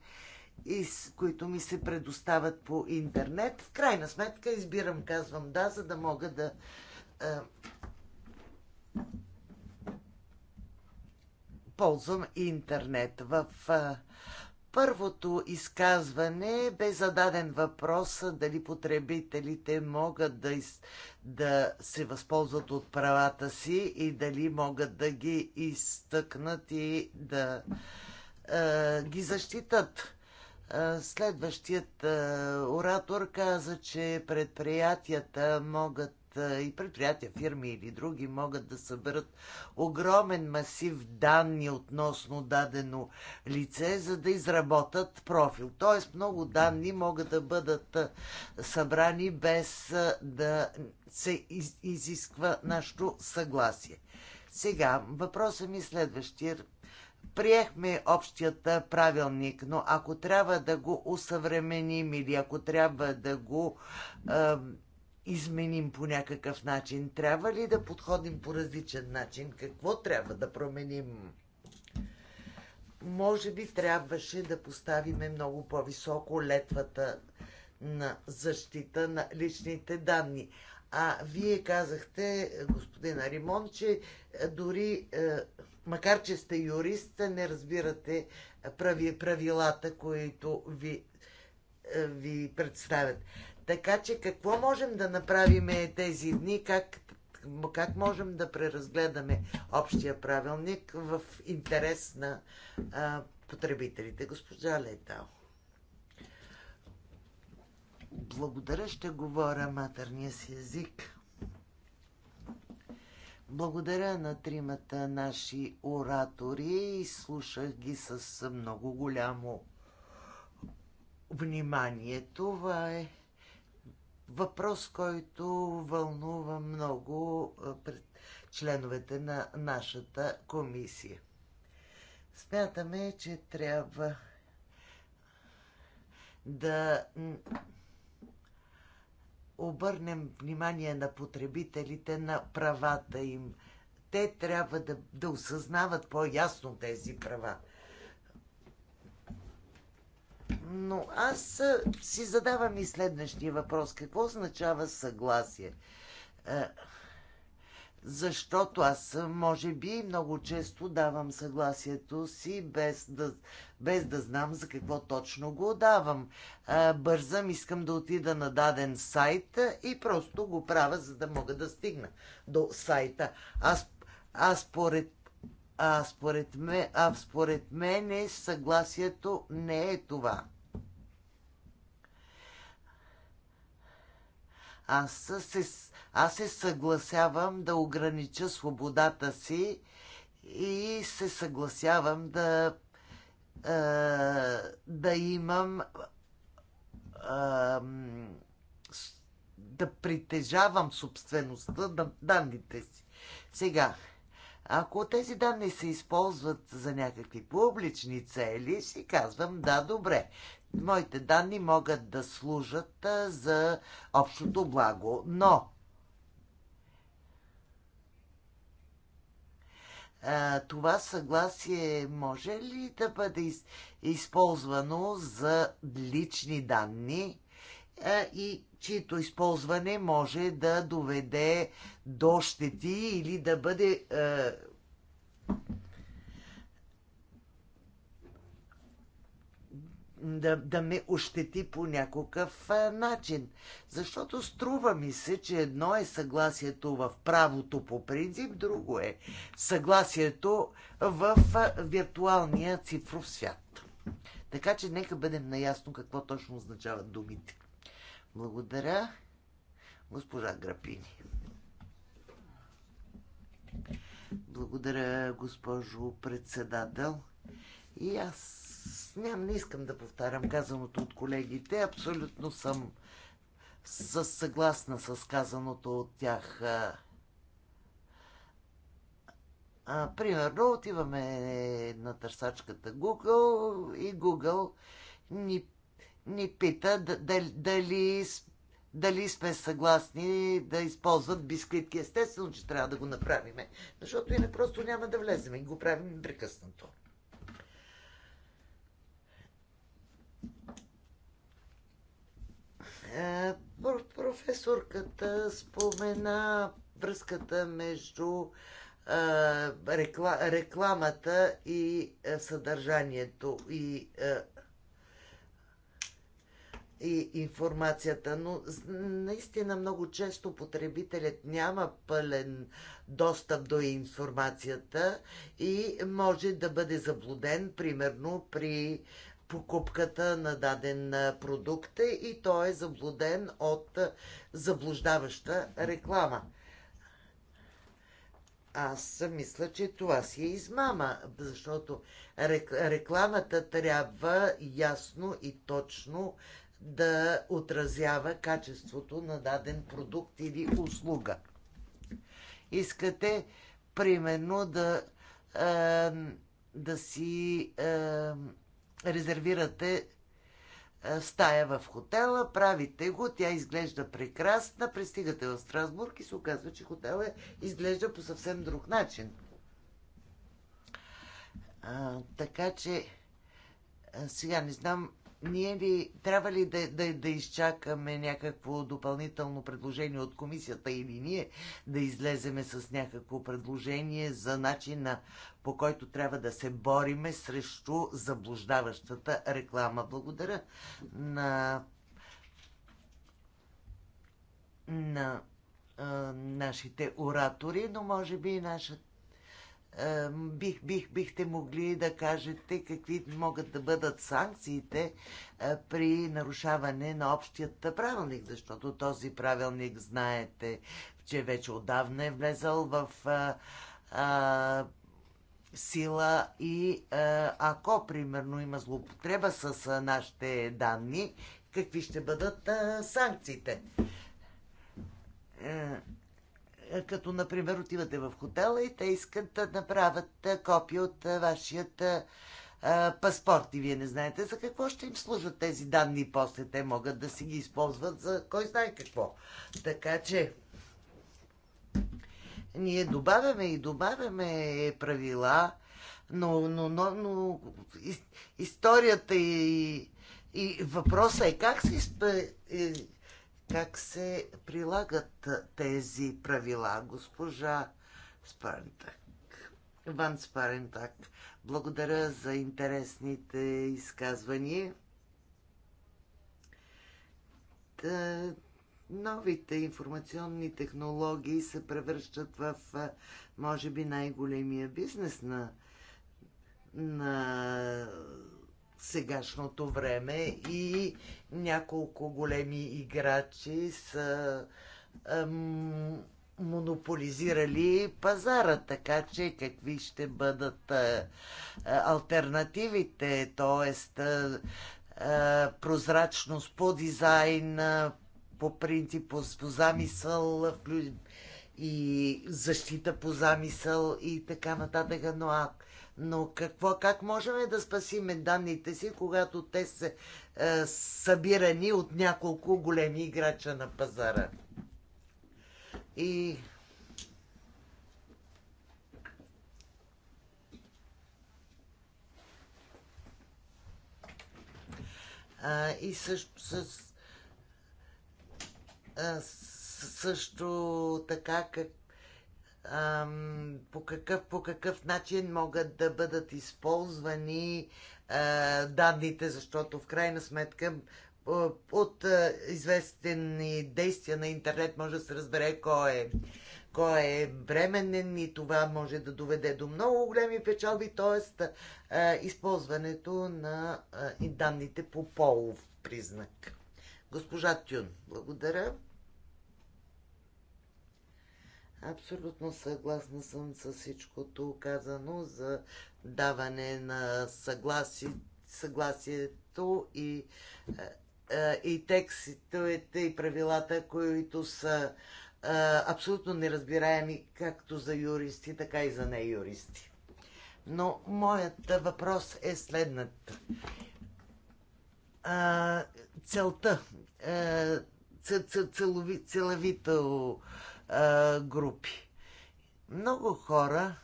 с които ми се предоставят по интернет. В крайна сметка избирам, казвам да, за да мога да а, ползвам интернет. В а, първото изказване бе зададен въпрос дали потребителите могат да, из, да се възползват от правата си и дали могат да ги изтъкнат и да а, ги защитат. Следващият оратор каза, че предприятията могат и предприятия, фирми или други могат да съберат огромен масив данни относно дадено лице, за да изработат профил. Тоест много данни могат да бъдат събрани без да се изисква нашето съгласие. Сега, въпросът ми е следващия приехме общият правилник, но ако трябва да го усъвременим или ако трябва да го е, изменим по някакъв начин, трябва ли да подходим по различен начин? Какво трябва да променим? Може би трябваше да поставиме много по-високо летвата на защита на личните данни. А вие казахте, господин Аримон, че дори е, макар че сте юрист, не разбирате прави, правилата, които ви, е, ви представят. Така че какво можем да направим тези дни, как, как можем да преразгледаме общия правилник в интерес на а, потребителите? Госпожа Летал. Благодаря, ще говоря матерния си език. Благодаря на тримата наши оратори и слушах ги с много голямо внимание. Това е въпрос, който вълнува много пред членовете на нашата комисия. Смятаме, че трябва да обърнем внимание на потребителите, на правата им. Те трябва да, да осъзнават по-ясно тези права. Но аз си задавам и следващия въпрос. Какво означава съгласие? защото аз може би много често давам съгласието си без да, без да знам за какво точно го давам. Бързам, искам да отида на даден сайт и просто го правя, за да мога да стигна до сайта. Аз, аз според а според, ме, а според мене съгласието не е това. Аз се, аз се съгласявам да огранича свободата си и се съгласявам да, е, да имам. Е, да притежавам собствеността на данните си. Сега, ако тези данни се използват за някакви публични цели, си казвам да, добре моите данни могат да служат за общото благо. Но това съгласие може ли да бъде използвано за лични данни и чието използване може да доведе до щети или да бъде да, да ме ощети по някакъв а, начин. Защото струва ми се, че едно е съгласието в правото по принцип, друго е съгласието в а, виртуалния цифров свят. Така че нека бъдем наясно какво точно означават думите. Благодаря, госпожа Грапини. Благодаря, госпожо председател. И аз Ням, не искам да повтарям казаното от колегите. Абсолютно съм съгласна с казаното от тях. А, примерно, отиваме на търсачката Google и Google ни, ни пита дали, дали, дали сме съгласни да използват бисквитки. Естествено, че трябва да го направиме, защото и не просто няма да влезем и го правим непрекъснато. Е, професорката спомена връзката между е, рекламата и е, съдържанието и, и информацията, но наистина много често потребителят няма пълен достъп до информацията и може да бъде заблуден, примерно при покупката на даден продукт и той е заблуден от заблуждаваща реклама. Аз мисля, че това си е измама, защото рекламата трябва ясно и точно да отразява качеството на даден продукт или услуга. Искате, примерно, да, да си резервирате е, стая в хотела, правите го, тя изглежда прекрасна, пристигате в Страсбург и се оказва, че хотела е, изглежда по съвсем друг начин. А, така че, сега не знам ние ли трябва ли да, да, да изчакаме някакво допълнително предложение от комисията или ние да излеземе с някакво предложение за начина по който трябва да се бориме срещу заблуждаващата реклама? Благодаря на, на а, нашите оратори, но може би и нашата бих, бих, бихте могли да кажете какви могат да бъдат санкциите е, при нарушаване на общият правилник, защото този правилник, знаете, че вече отдавна е влезал в а, е, а, е, сила и а, ако, примерно, има злоупотреба с а, нашите данни, какви ще бъдат а, санкциите като например отивате в хотела и те искат да направят копия от вашият паспорт и вие не знаете за какво ще им служат тези данни после. Те могат да си ги използват за кой знае какво. Така че ние добавяме и добавяме правила, но, но, но, но историята и, и въпросът е как се е, как се прилагат тези правила, госпожа Спарентак. Ван Спарентак, благодаря за интересните изказвания. Та, новите информационни технологии се превръщат в, може би, най-големия бизнес на, на сегашното време и няколко големи играчи са монополизирали пазара, така че какви ще бъдат альтернативите, т.е. прозрачност по дизайн, по принцип, по, по замисъл, и защита по замисъл и така нататък, но ако но какво, как можем да спасим данните си, когато те са е, събирани от няколко големи играча на пазара? И А, и също, с, също, също така как, по какъв, по какъв начин могат да бъдат използвани данните, защото в крайна сметка от известни действия на интернет може да се разбере кой е, кой е бременен и това може да доведе до много големи печалби, т.е. използването на данните по полов признак. Госпожа Тюн, благодаря. Абсолютно съгласна съм с всичкото казано за даване на съгласи, съгласието и, е, е, и текстовете и правилата, които са е, абсолютно неразбираеми както за юристи, така и за не юристи. Но моят въпрос е следната. целта, цел, цел, а, групи. Много хора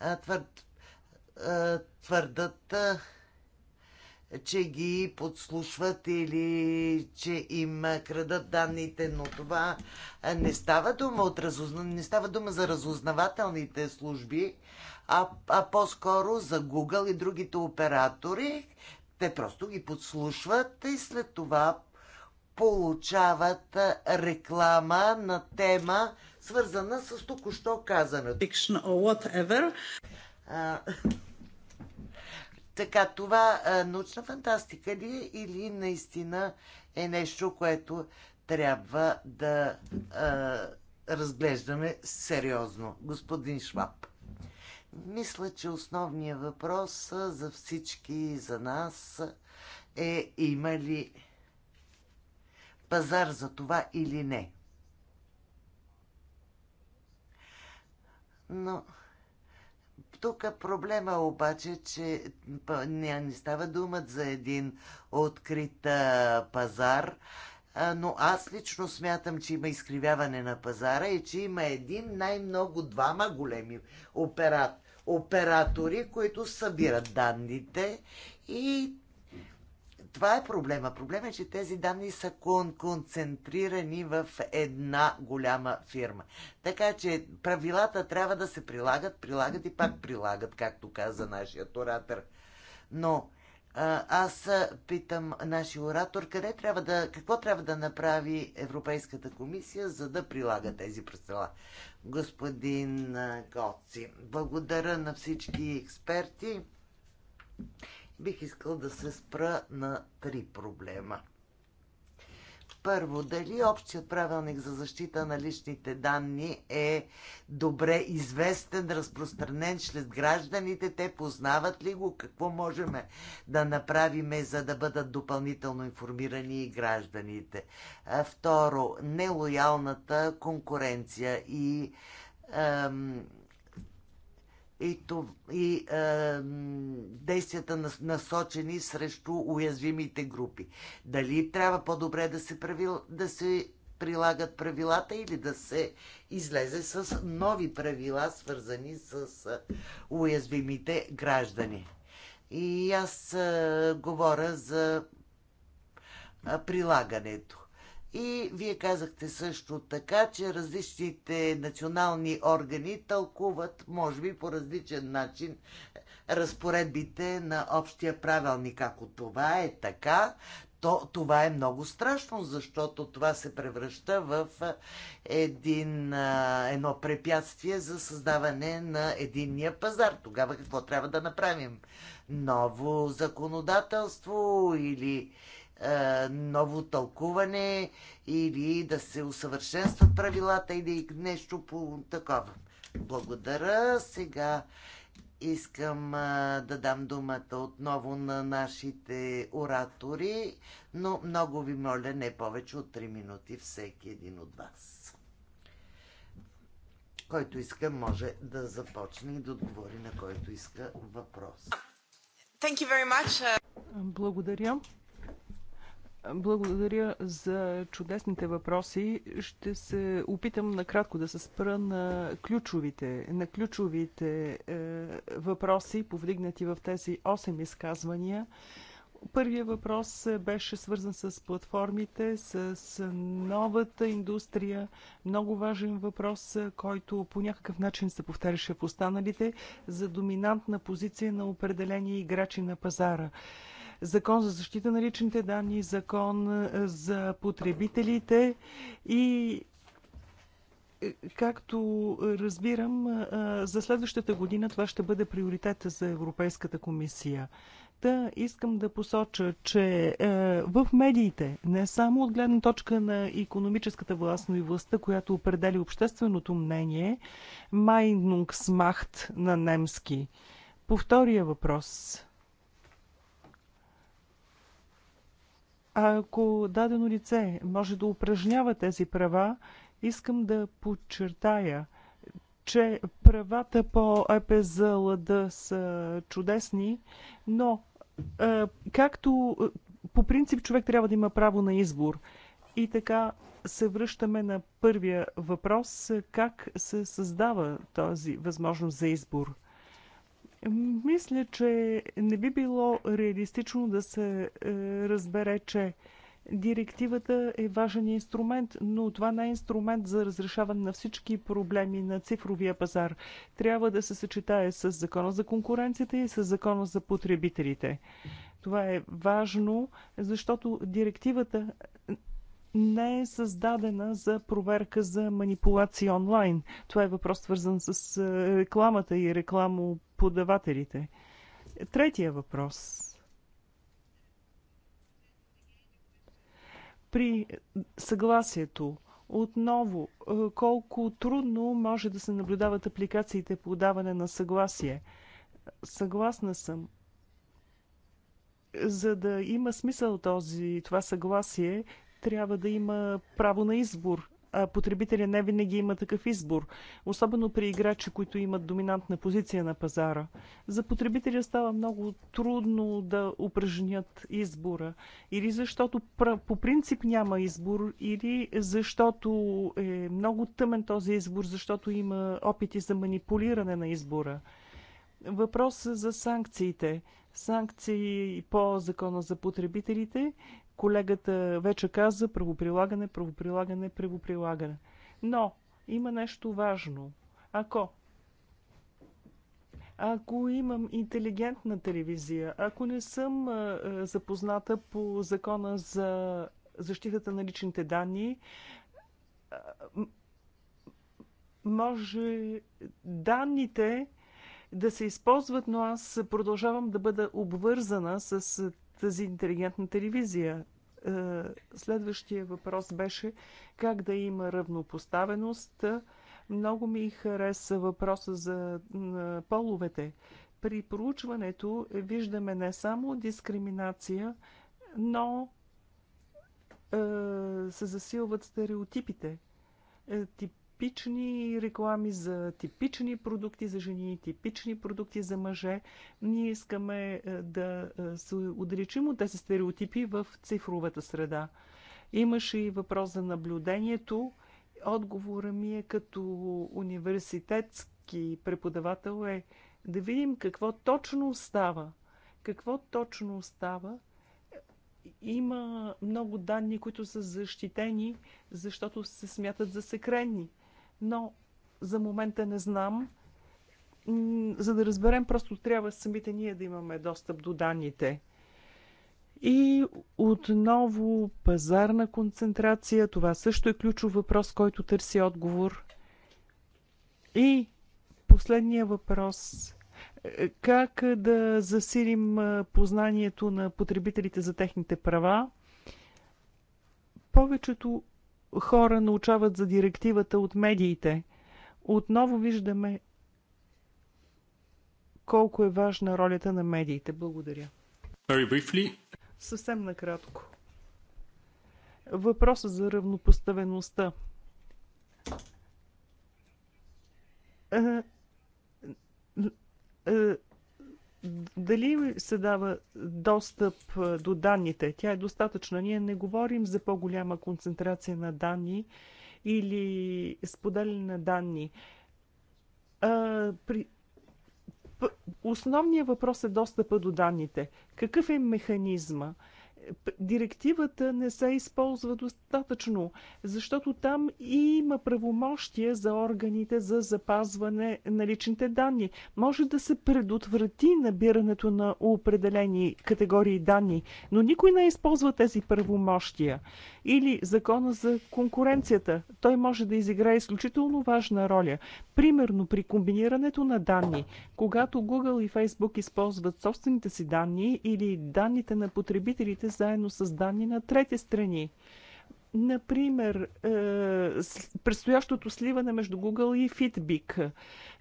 а, твърд, а, твърдат, а, че ги подслушват или че им крадат данните, но това не става дума, от разузна... не става дума за разузнавателните служби, а, а по-скоро за Google и другите оператори. Те просто ги подслушват и след това получават реклама на тема, свързана с току-що казаното. А, така, това а, научна фантастика ли е или наистина е нещо, което трябва да а, разглеждаме сериозно, господин Шваб? Мисля, че основният въпрос за всички и за нас е има ли пазар за това или не. Но тук проблема обаче, че не, не става дума за един открит а, пазар, а, но аз лично смятам, че има изкривяване на пазара и че има един, най-много двама големи оператори, които събират данните и това е проблема. Проблема е, че тези данни са кон- концентрирани в една голяма фирма. Така че правилата трябва да се прилагат, прилагат и пак прилагат, както каза нашия оратор. Но аз питам нашия оратор, къде трябва да, какво трябва да направи Европейската комисия, за да прилага тези правила. Господин Гоци, благодаря на всички експерти бих искал да се спра на три проблема. Първо, дали общият правилник за защита на личните данни е добре известен, разпространен след гражданите? Те познават ли го? Какво можем да направим, за да бъдат допълнително информирани и гражданите? Второ, нелоялната конкуренция и ем, и, и е, действията насочени срещу уязвимите групи. Дали трябва по-добре да се, правил, да се прилагат правилата или да се излезе с нови правила, свързани с е, уязвимите граждани. И аз е, говоря за е, прилагането. И вие казахте също така, че различните национални органи тълкуват, може би по различен начин, е, разпоредбите на общия правилник. Ако това е така, то това е много страшно, защото това се превръща в е, един, е, едно препятствие за създаване на единния пазар. Тогава какво трябва да направим? Ново законодателство или е, ново тълкуване или да се усъвършенстват правилата или нещо по такова. Благодаря. Сега искам а, е, да дам думата отново на нашите оратори, но много ви моля не повече от 3 минути всеки един от вас. Който иска, може да започне и да отговори на който иска въпрос. Thank you very much. Благодаря. Благодаря за чудесните въпроси. Ще се опитам накратко да се спра на ключовите, на ключовите е, въпроси, повдигнати в тези 8 изказвания. Първият въпрос беше свързан с платформите, с новата индустрия. Много важен въпрос, който по някакъв начин се повтаряше в останалите за доминантна позиция на определени играчи на пазара закон за защита на личните данни, закон е, за потребителите и е, Както разбирам, е, за следващата година това ще бъде приоритет за Европейската комисия. Та искам да посоча, че в медиите, не само от гледна точка на економическата власт, но и властта, която определя общественото мнение, Майнунгсмахт на немски. По втория въпрос Ако дадено лице може да упражнява тези права, искам да подчертая, че правата по ЕПЗЛД са чудесни, но е, както е, по принцип човек трябва да има право на избор. И така се връщаме на първия въпрос как се създава тази възможност за избор. Мисля, че не би било реалистично да се е, разбере, че Директивата е важен инструмент, но това не е инструмент за разрешаване на всички проблеми на цифровия пазар. Трябва да се съчетае с закона за конкуренцията и с закона за потребителите. Това е важно, защото директивата не е създадена за проверка за манипулации онлайн. Това е въпрос свързан с е, рекламата и рекламоподавателите. Третия въпрос. При съгласието отново, е, колко трудно може да се наблюдават апликациите по даване на съгласие. Съгласна съм. За да има смисъл този, това съгласие, трябва да има право на избор. А потребителя не винаги има такъв избор, особено при играчи, които имат доминантна позиция на пазара. За потребителя става много трудно да упражнят избора. Или защото по принцип няма избор, или защото е много тъмен този избор, защото има опити за манипулиране на избора. Въпрос за санкциите. Санкции по закона за потребителите Колегата вече каза правоприлагане, правоприлагане, правоприлагане. Но има нещо важно. Ако ако имам интелигентна телевизия, ако не съм запозната по закона за защитата на личните данни, може данните да се използват, но аз продължавам да бъда обвързана с тази интелигентна телевизия. Е, следващия въпрос беше как да има равнопоставеност. Много ми хареса въпроса за половете. При проучването виждаме не само дискриминация, но е, се засилват стереотипите. Е, тип типични реклами за типични продукти за жени, типични продукти за мъже. Ние искаме е, да е, се отдалечим от тези стереотипи в цифровата среда. Имаше и въпрос за наблюдението. Отговора ми е като университетски преподавател е да видим какво точно става. Какво точно става? Има много данни, които са защитени, защото се смятат за секретни но за момента не знам. За да разберем, просто трябва самите ние да имаме достъп до данните. И отново пазарна концентрация. Това също е ключов въпрос, който търси отговор. И последния въпрос. Е, как да засилим познанието на потребителите за техните права? Повечето хора научават за директивата от медиите. Отново виждаме колко е важна ролята на медиите. Благодаря. Съвсем накратко. Въпроса за равнопоставеността. Е, е, дали се дава достъп е, до данните? Тя е достатъчна. Ние не говорим за по-голяма концентрация на данни или споделяне на данни. А, при... Основният въпрос е достъпа до данните. Какъв е механизма? директивата не се използва достатъчно, защото там има правомощия за органите за запазване на личните данни. Може да се предотврати набирането на определени категории данни, но никой не използва тези правомощия. Или закона за конкуренцията. Той може да изиграе изключително важна роля. Примерно при комбинирането на данни, когато Google и Facebook използват собствените си данни или данните на потребителите заедно с данни на трети страни. Например, е, предстоящото сливане между Google и Fitbit.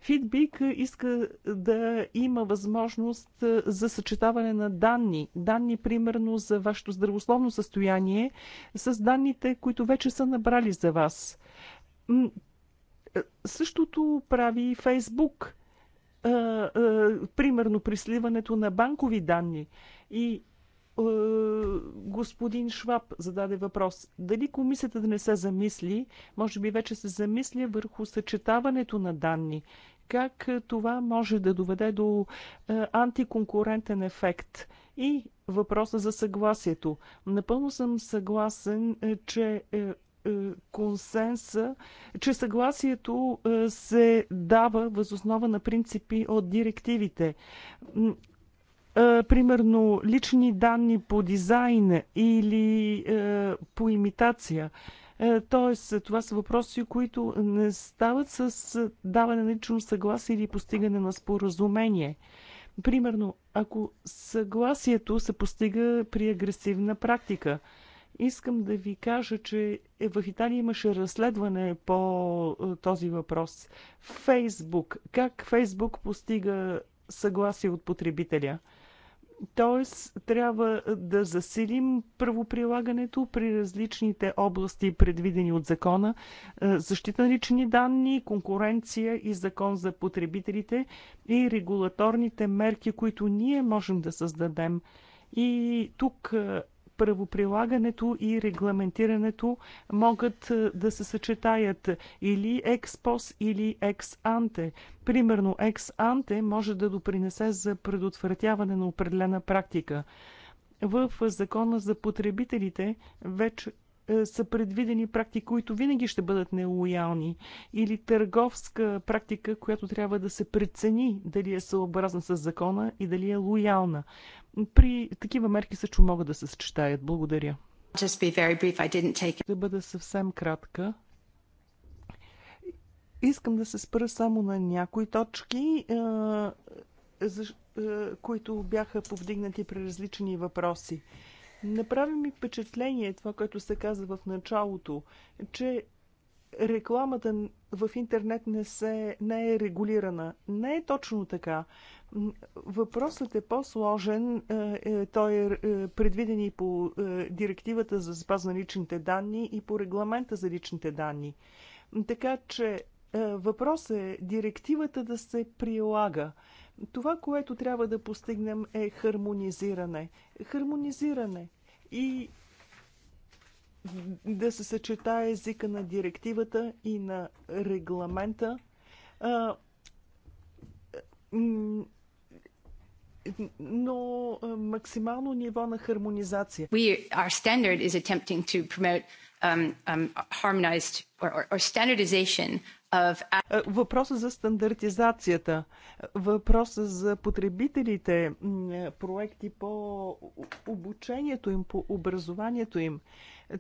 Fitbit иска да има възможност е, за съчетаване на данни. Данни, примерно, за вашето здравословно състояние с данните, които вече са набрали за вас. Е, същото прави и Фейсбук. Примерно при сливането на банкови данни. И е, господин Шваб зададе въпрос. Дали комисията да не се замисли, може би вече се замисля върху съчетаването на данни. Как това може да доведе до е, антиконкурентен ефект? И въпроса за съгласието. Напълно съм съгласен, е, че консенса, че съгласието се дава възоснова на принципи от директивите примерно лични данни по дизайн или по имитация. Тоест, това са въпроси, които не стават с даване на лично съгласие или постигане на споразумение. Примерно, ако съгласието се постига при агресивна практика, искам да ви кажа, че в Италия имаше разследване по този въпрос. Фейсбук. Как Фейсбук постига съгласие от потребителя? Тоест, трябва да засилим правоприлагането при различните области, предвидени от закона, защита на лични данни, конкуренция и закон за потребителите и регулаторните мерки, които ние можем да създадем. И тук правоприлагането и регламентирането могат е, да се съчетаят или експос, или екс-анте. Примерно екс-анте може да допринесе за предотвратяване на определена практика. В закона за потребителите вече е, са предвидени практики, които винаги ще бъдат нелоялни, или търговска практика, която трябва да се прецени дали е съобразна с закона и дали е лоялна. При такива мерки също могат да се съчетаят. Благодаря. Да бъда съвсем кратка. Искам да се спра само на някои точки, е, е, които бяха повдигнати при различни въпроси. Направи ми впечатление това, което се каза в началото, че рекламата в интернет не, се, не е регулирана. Не е точно така. Въпросът е по-сложен. Е, е, той е, е предвиден и по директивата за на личните данни и по регламента за личните данни. Така че въпрос е директивата да се прилага. Това, което трябва да постигнем е хармонизиране. Хармонизиране и да се съчетае езика на директивата и на регламента. Но максимално ниво на хармонизация. We, our standard is attempting to promote um, um е, Въпроса за стандартизацията, въпроса за потребителите, проекти по обучението им, по образованието им,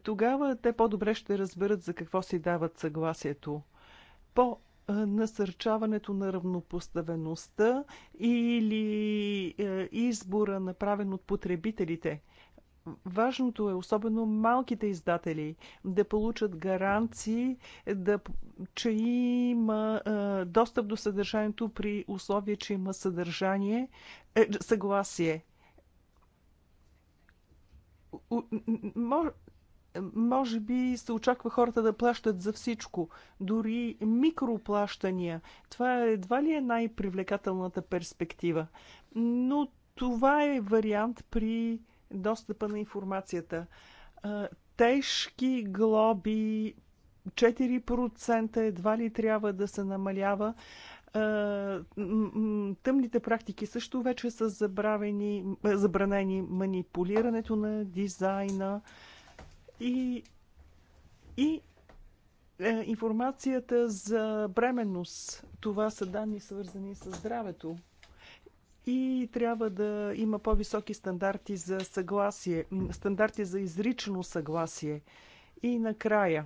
тогава те по-добре ще разберат за какво си дават съгласието. По е, насърчаването на равнопоставеността или е, избора, направен от потребителите – Важното е, особено малките издатели, да получат гаранции, да, че има е, достъп до съдържанието при условие, че има съдържание, е, съгласие. Може, може би се очаква хората да плащат за всичко, дори микроплащания. Това едва ли е най-привлекателната перспектива. Но това е вариант при достъпа на информацията. Тежки глоби 4% едва ли трябва да се намалява. Тъмните практики също вече са забравени, забранени. Манипулирането на дизайна и, и е, информацията за бременност. Това са данни свързани с здравето и трябва да има по-високи стандарти за съгласие, стандарти за изрично съгласие. И накрая,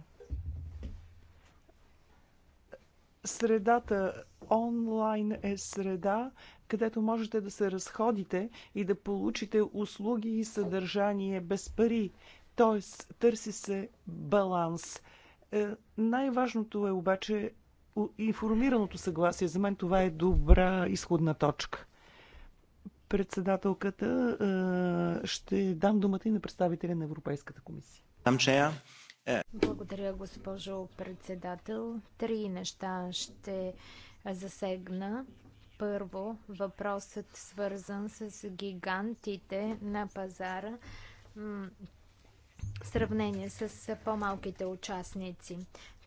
средата онлайн е среда, където можете да се разходите и да получите услуги и съдържание без пари. Тоест, търси се баланс. Е, най-важното е обаче информираното съгласие. За мен това е добра изходна точка. Председателката ще дам думата и на представителя на Европейската комисия. Е. Благодаря, госпожо председател. Три неща ще засегна. Първо, въпросът свързан с гигантите на пазара в сравнение с по-малките участници.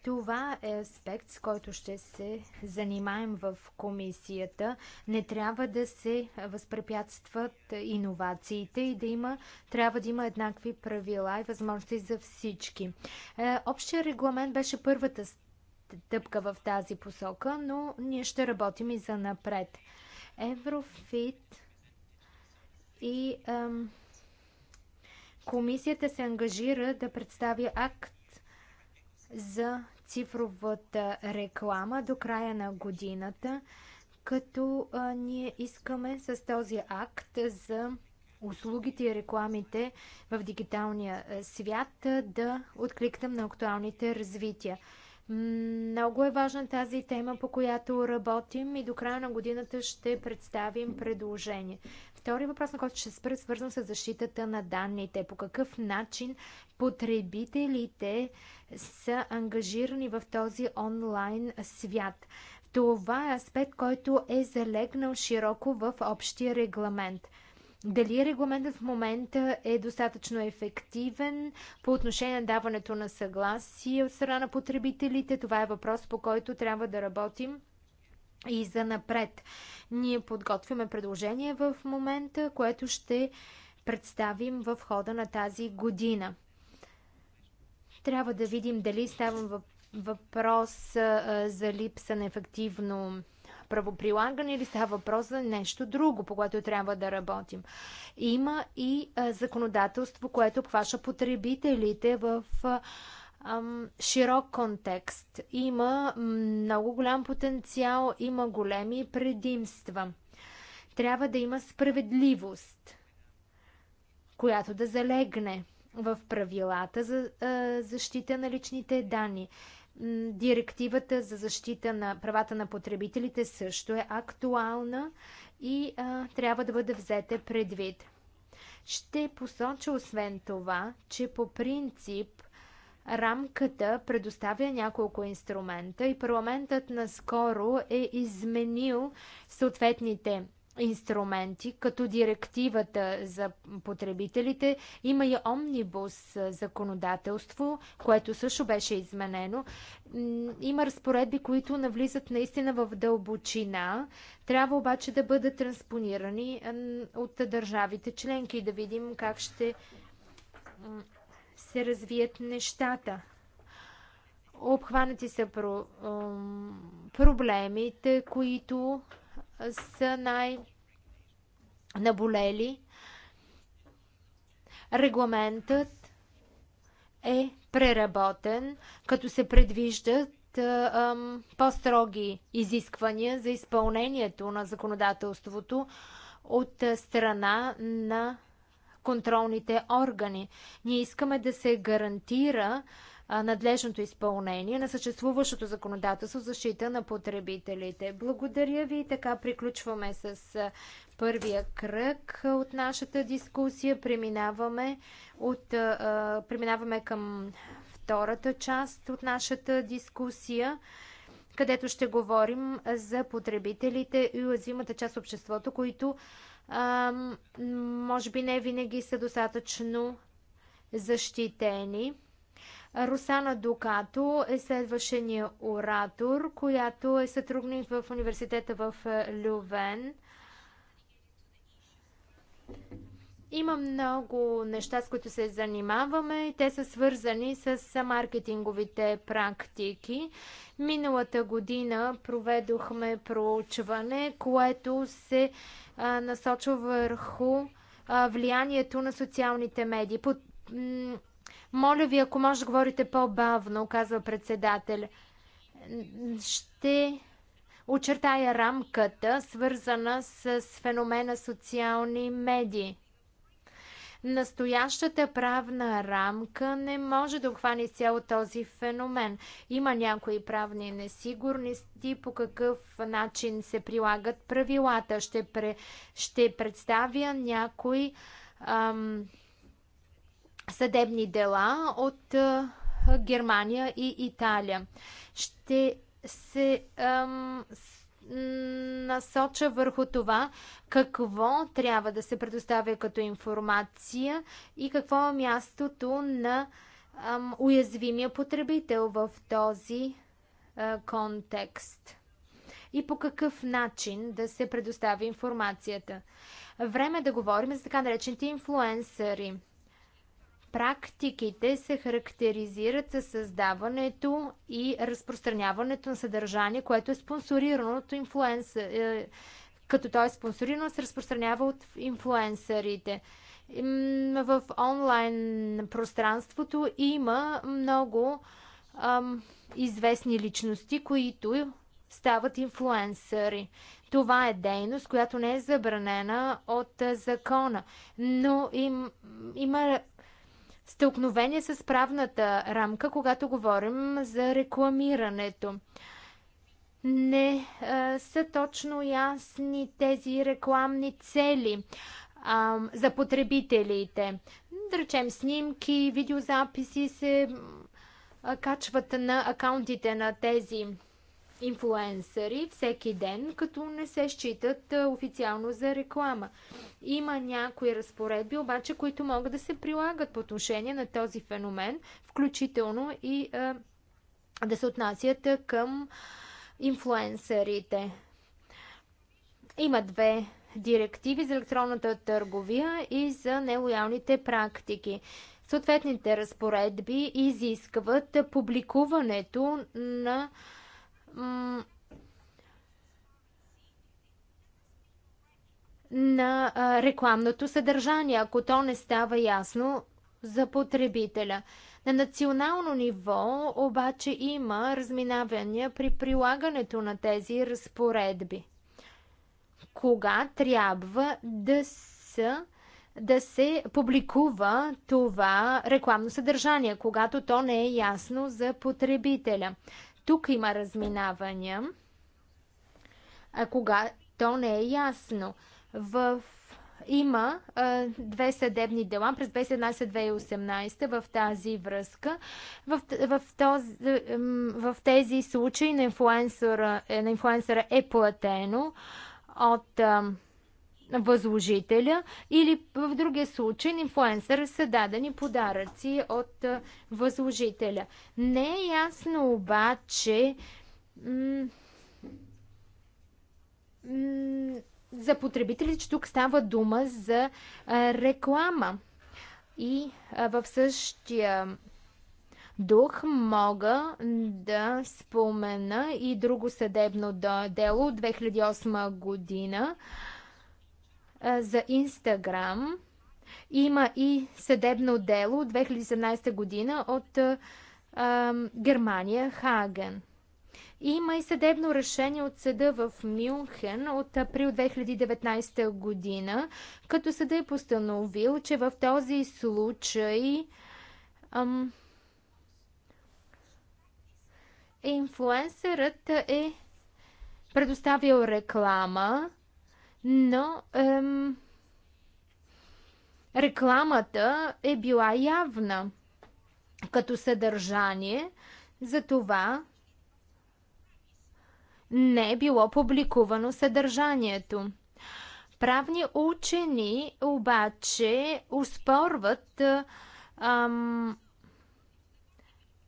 Това е аспект, с който ще се занимаем в комисията. Не трябва да се възпрепятстват иновациите и да има, трябва да има еднакви правила и възможности за всички. Е, общия регламент беше първата стъпка в тази посока, но ние ще работим и за напред. Еврофит и ам, комисията се ангажира да представи акт за цифровата реклама до края на годината, като а, ние искаме с този акт за услугите и рекламите в дигиталния свят да откликнем на актуалните развития. Много е важна тази тема, по която работим и до края на годината ще представим предложение. Втори въпрос, на който ще спра, е свързан с защитата на данните. По какъв начин потребителите са ангажирани в този онлайн свят? Това е аспект, който е залегнал широко в общия регламент. Дали регламентът в момента е достатъчно ефективен по отношение на даването на съгласие от страна на потребителите? Това е въпрос, по който трябва да работим и за напред. Ние подготвяме предложение в момента, което ще представим в хода на тази година. Трябва да видим дали става въпрос за липса на ефективно правоприлагане или става въпрос за нещо друго, по което трябва да работим. Има и законодателство, което обхваща потребителите в широк контекст. Има много голям потенциал, има големи предимства. Трябва да има справедливост, която да залегне в правилата за защита на личните данни. Директивата за защита на правата на потребителите също е актуална и а, трябва да бъде взета предвид. Ще посоча освен това, че по принцип Рамката предоставя няколко инструмента и парламентът наскоро е изменил съответните инструменти, като директивата за потребителите. Има и омнибус законодателство, което също беше изменено. Има разпоредби, които навлизат наистина в дълбочина. Трябва обаче да бъдат транспонирани от държавите членки и да видим как ще се развият нещата. Обхванати са про, проблемите, които са най-наболели. Регламентът е преработен, като се предвиждат по-строги изисквания за изпълнението на законодателството от страна на контролните органи. Ние искаме да се гарантира надлежното изпълнение на съществуващото законодателство защита на потребителите. Благодаря ви и така приключваме с първия кръг от нашата дискусия. Преминаваме, от, а, преминаваме към втората част от нашата дискусия където ще говорим за потребителите и уязвимата част от обществото, които а, може би не винаги са достатъчно защитени. Русана Дукато е следващия оратор, която е сътрудник в университета в е, Лювен. Има много неща, с които се занимаваме и те са свързани с маркетинговите практики. Миналата година проведохме проучване, което се насочва върху влиянието на социалните медии. Под... Моля ви, ако може, говорите по-бавно, казва председател. Ще очертая рамката, свързана с феномена социални медии. Настоящата правна рамка не може да обхване цял този феномен. Има някои правни несигурности по какъв начин се прилагат правилата. Ще, пре, ще представя някои ам, съдебни дела от а, Германия и Италия. Ще се ам, насоча върху това какво трябва да се предоставя като информация и какво е мястото на ам, уязвимия потребител в този а, контекст и по какъв начин да се предоставя информацията. Време е да говорим за така наречените инфлуенсъри. Практиките се характеризират със създаването и разпространяването на съдържание, което е спонсорирано от инфлуенсъри, е, като то е спонсорирано, се разпространява от инфлуенсърите. В онлайн пространството има много ам, известни личности, които стават инфлуенсъри. Това е дейност, която не е забранена от закона, но им, има стълкновение с правната рамка, когато говорим за рекламирането. Не а, са точно ясни тези рекламни цели а, за потребителите. Да речем, снимки, видеозаписи се а, качват на акаунтите на тези инфлуенсъри всеки ден, като не се считат официално за реклама. Има някои разпоредби, обаче, които могат да се прилагат по отношение на този феномен, включително и а, да се отнасят към инфлуенсърите. Има две директиви за електронната търговия и за нелоялните практики. Съответните разпоредби изискват публикуването на на рекламното съдържание, ако то не става ясно за потребителя. На национално ниво обаче има разминавания при прилагането на тези разпоредби. Кога трябва да се, да се публикува това рекламно съдържание, когато то не е ясно за потребителя тук има разминавания, а кога то не е ясно. В има а, две съдебни дела през 2017-2018 в тази връзка. В, в, този, в тези случаи на инфлуенсъра, на инфлуенсъра е платено от а, възложителя или в другия случай инфлуенсъра са дадени подаръци от възложителя. Не е ясно обаче за потребителите, че тук става дума за реклама. И в същия дух мога да спомена и друго съдебно дело от 2008 година, за Инстаграм има и съдебно дело от 2017 година от а, а, Германия, Хаген. Има и съдебно решение от съда в Мюнхен от април 2019 година, като съда е постановил, че в този случай ам, инфлуенсърът е предоставил реклама, но ем, рекламата е била явна като съдържание, затова не е било публикувано съдържанието. Правни учени обаче успорват ем,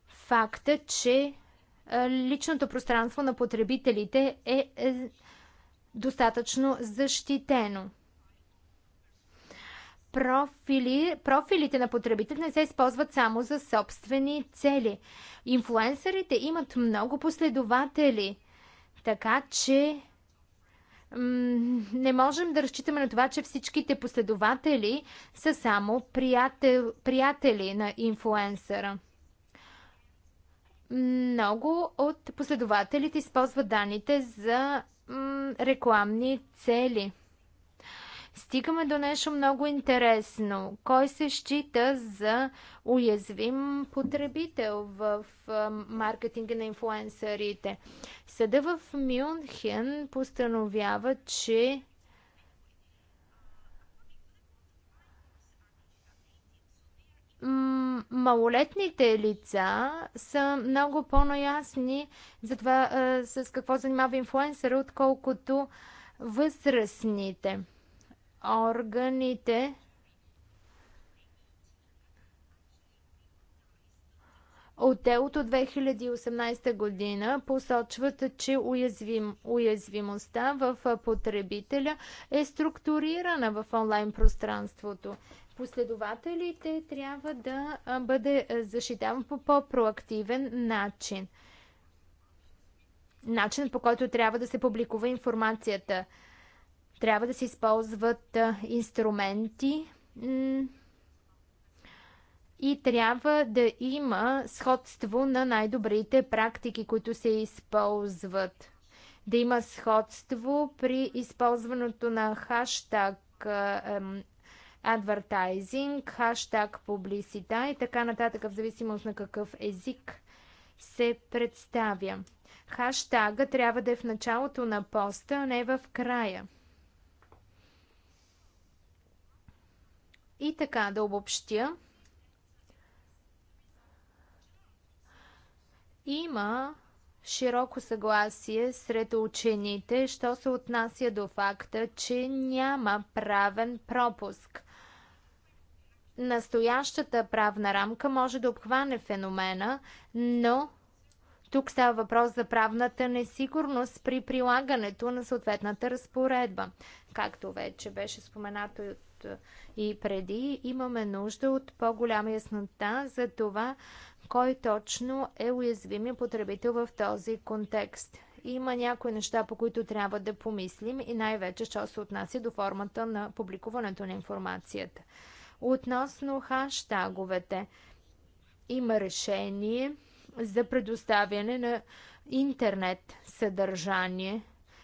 факта, че личното пространство на потребителите е, е достатъчно защитено. Профили, профилите на потребителите не се използват само за собствени цели. Инфлуенсърите имат много последователи, така че не можем да разчитаме на това, че всичките последователи са само приятел, приятели на инфлуенсъра. Много от последователите използват данните за рекламни цели. Стигаме до нещо много интересно. Кой се счита за уязвим потребител в маркетинга на инфлуенсърите? Съда в Мюнхен постановява, че малолетните лица са много по-наясни за това а, с какво занимава инфлуенсъра, отколкото възрастните. Органите от телото 2018 година посочват, че уязвим, уязвимостта в потребителя е структурирана в онлайн пространството последователите трябва да бъде защитаван по по-проактивен начин. Начин по който трябва да се публикува информацията. Трябва да се използват инструменти и трябва да има сходство на най-добрите практики, които се използват. Да има сходство при използването на хаштаг адвертайзинг, хаштаг публисита и така нататък, в зависимост на какъв език се представя. Хаштага трябва да е в началото на поста, а не в края. И така да обобщя. Има широко съгласие сред учените, що се отнася до факта, че няма правен пропуск. Настоящата правна рамка може да обхване феномена, но тук става въпрос за правната несигурност при прилагането на съответната разпоредба. Както вече беше споменато и, от, и преди, имаме нужда от по-голяма яснота за това, кой точно е уязвимия потребител в този контекст. Има някои неща, по които трябва да помислим и най-вече, що се отнася до формата на публикуването на информацията. Относно хаштаговете, има решение за предоставяне на интернет съдържание.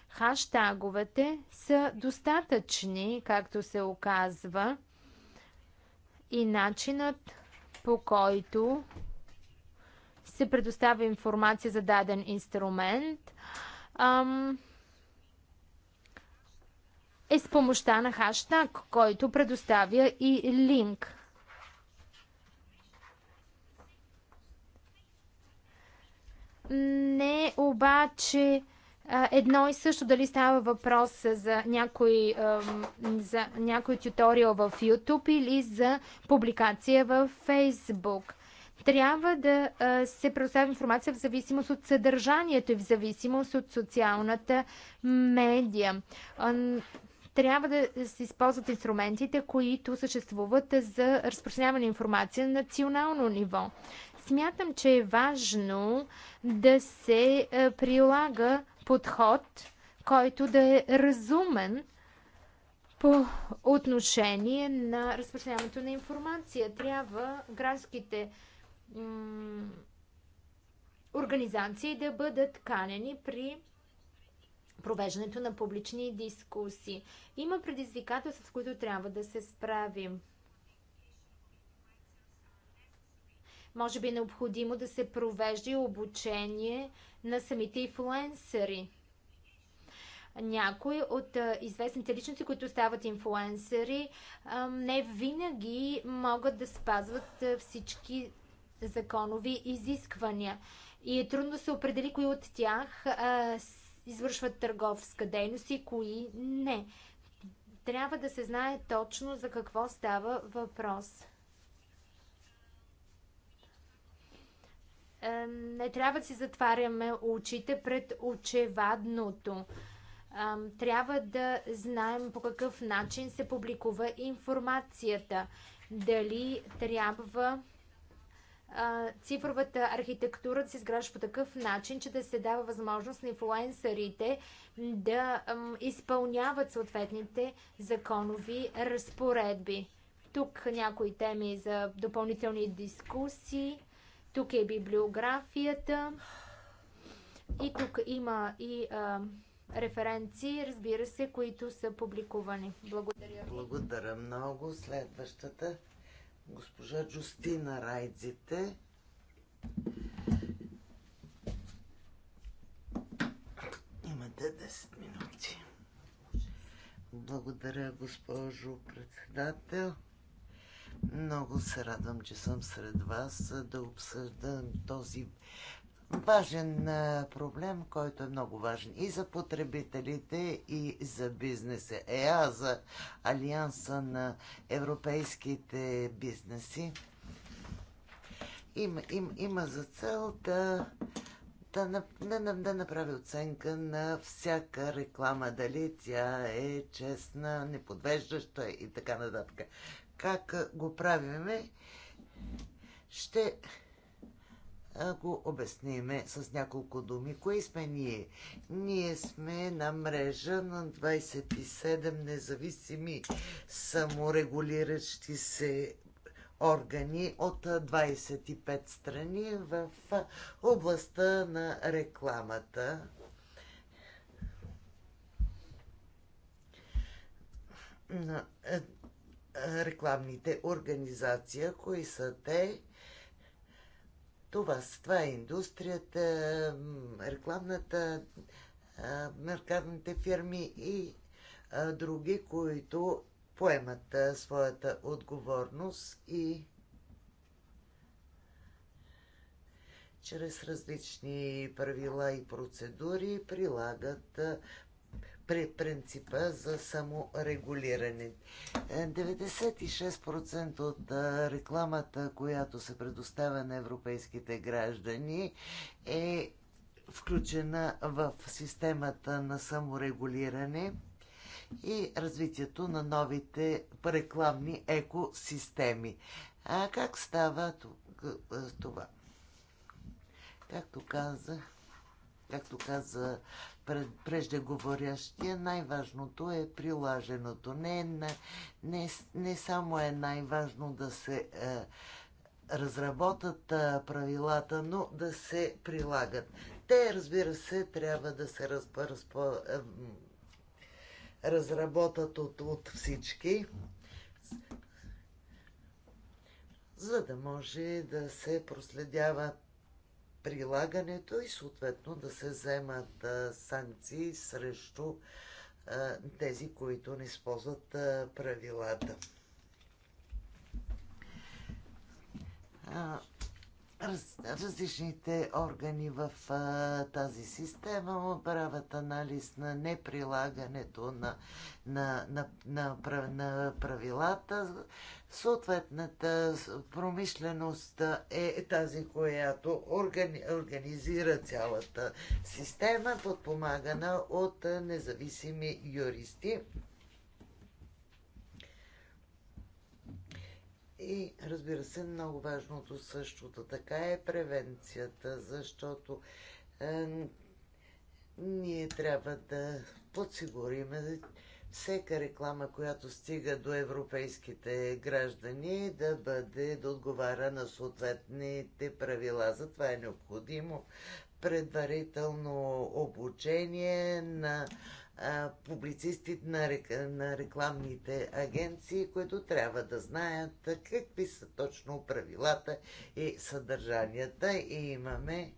Хаштаговете са достатъчни, както се оказва, и начинът по който се предоставя информация за даден инструмент ам, е с помощта на хаштаг, който предоставя и линк. Не обаче едно и също дали става въпрос за някой, за някой тюториал в YouTube или за публикация в Facebook. Трябва да се предоставя информация в зависимост от съдържанието и в зависимост от социалната медия. Трябва да се използват инструментите, които съществуват за разпространяване на информация на национално ниво. Смятам, че е важно да се е, прилага подход, който да е разумен по отношение на разпространяването на информация. Трябва градските организации да бъдат канени при провеждането на публични дискусии. Има предизвикателства, с които трябва да се справим. Може би е необходимо да се провежда и обучение на самите инфлуенсъри. Някои от известните личности, които стават инфлуенсъри, не винаги могат да спазват всички законови изисквания. И е трудно да се определи кои от тях извършват търговска дейност и кои не. Трябва да се знае точно за какво става въпрос. Не трябва да си затваряме очите пред очевадното трябва да знаем по какъв начин се публикува информацията. Дали трябва цифровата архитектура да се изгражда по такъв начин, че да се дава възможност на инфлуенсърите да изпълняват съответните законови разпоредби. Тук някои теми за допълнителни дискусии. Тук е библиографията. И тук има и а, референции, разбира се, които са публикувани. Благодаря. Благодаря много. Следващата госпожа Джустина Райдзите. Имате 10 минути. Благодаря, госпожо председател. Много се радвам, че съм сред вас да обсъждам този важен проблем, който е много важен и за потребителите, и за бизнеса. ЕА за Алианса на европейските бизнеси има, им, има за цел да, да, да, да, да направи оценка на всяка реклама, дали тя е честна, неподвеждаща и така нататък. Как го правиме? Ще го обясниме с няколко думи. Кои сме ние? Ние сме на мрежа на 27 независими саморегулиращи се органи от 25 страни в областта на рекламата. Е, рекламните организации, кои са те? Това, това е индустрията, рекламната, меркарните фирми и други, които поемат своята отговорност и чрез различни правила и процедури прилагат при принципа за саморегулиране. 96% е, от е, рекламата, която се предоставя на европейските граждани, е включена в системата на саморегулиране и развитието на новите рекламни екосистеми. А как става е, това? Както каза, както каза преждеговорящия, най-важното е прилаженото. Не, не, не само е най-важно да се е, разработат е, правилата, но да се прилагат. Те, разбира се, трябва да се разп, разп, е, разработат от, от всички, за да може да се проследяват прилагането и съответно да се вземат санкции срещу тези, които не използват правилата раз, различните органи в а, тази система правят анализ на неприлагането на, на, на, на, на правилата. Съответната промишленост е тази, която органи, организира цялата система, подпомагана от независими юристи. И разбира се, много важното същото така е превенцията, защото е, ние трябва да подсигуриме всяка реклама, която стига до европейските граждани, да бъде, да отговаря на съответните правила. Затова е необходимо предварително обучение на публицисти на, на рекламните агенции, които трябва да знаят какви са точно правилата и съдържанията. И имаме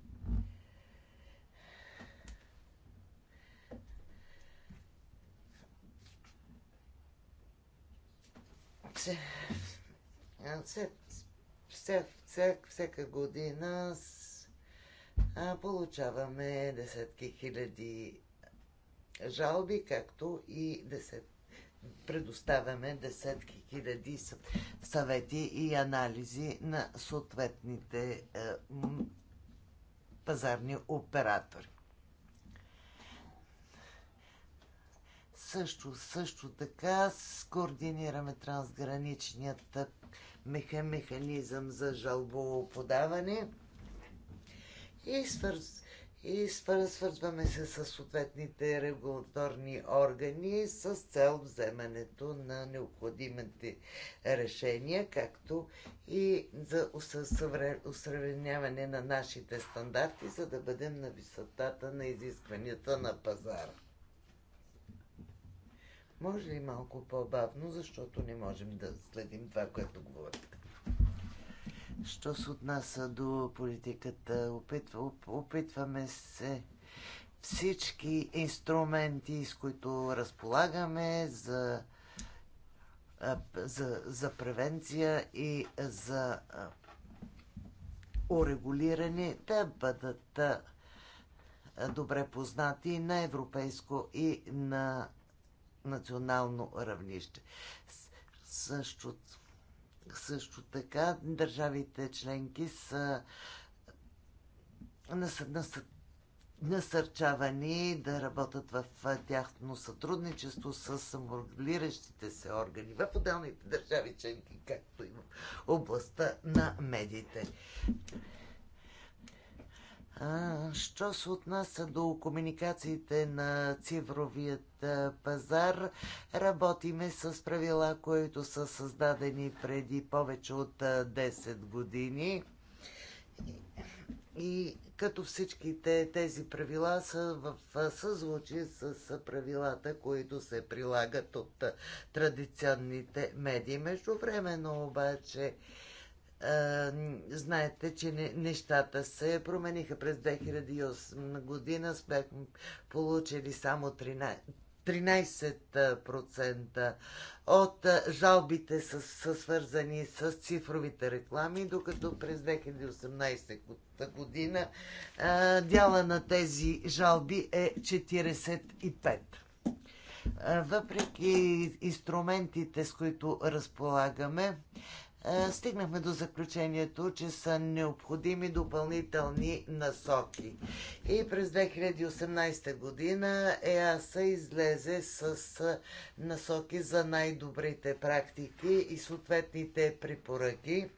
всяка година с, а, получаваме десетки хиляди жалби, както и се предоставяме десетки хиляди съвети и анализи на съответните е, пазарни оператори. Също, също така скоординираме трансграничният е, механизъм за жалбоподаване и свързваме и свързваме се с съответните регулаторни органи с цел вземането на необходимите решения, както и за усъвременяване на нашите стандарти, за да бъдем на висотата на изискванията на пазара. Може ли малко по-бавно, защото не можем да следим това, което говорите? Що се отнася до политиката, опитва, опитваме се всички инструменти, с които разполагаме за, за, за превенция и за урегулиране да бъдат добре познати на европейско и на национално равнище. Също също така държавите членки са насърчавани да работят в тяхно сътрудничество с саморегулиращите се органи в отделните държави членки, както и в областта на медиите що се отнася до комуникациите на цифровият пазар, работиме с правила, които са създадени преди повече от 10 години. И като всичките тези правила са в съзвучие с правилата, които се прилагат от традиционните медии. Между времено обаче знаете, че не, нещата се промениха през 2008 година. сме получили само 13, 13% от жалбите са, са свързани с цифровите реклами, докато през 2018 година а, дяла на тези жалби е 45%. Въпреки инструментите, с които разполагаме, е, стигнахме до заключението, че са необходими допълнителни насоки. И през 2018 година ЕАСА излезе с е, насоки за най-добрите практики и съответните препоръки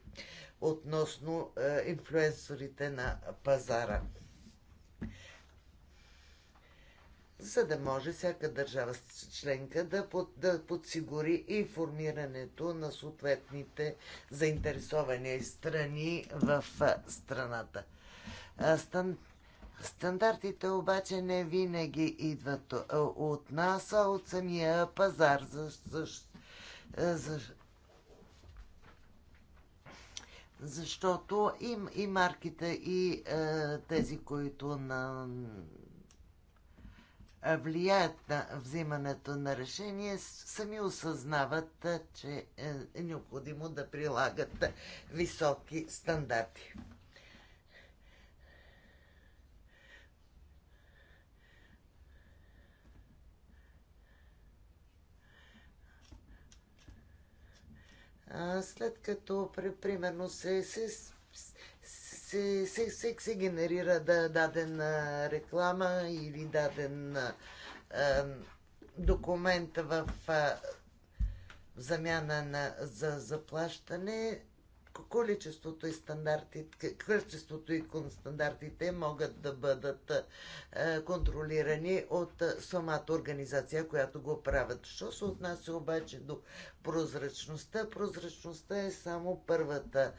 относно е, инфлюенсорите на пазара. за да може всяка държава членка да, под, да подсигури информирането на съответните заинтересовани страни в страната. Стан, стандартите обаче не винаги идват от нас, а от самия пазар. За, за, за, защото и, и марките, и е, тези, които на влияят на взимането на решение, сами осъзнават, че е, е необходимо да прилагат високи стандарти. след като, примерно, се, се се, се, се, се генерира да, дадена реклама или даден а, документ в, а, замяна на, за заплащане количеството и стандартите, количеството и стандартите могат да бъдат контролирани от самата организация, която го правят. Що се отнася обаче до прозрачността? Прозрачността е само първата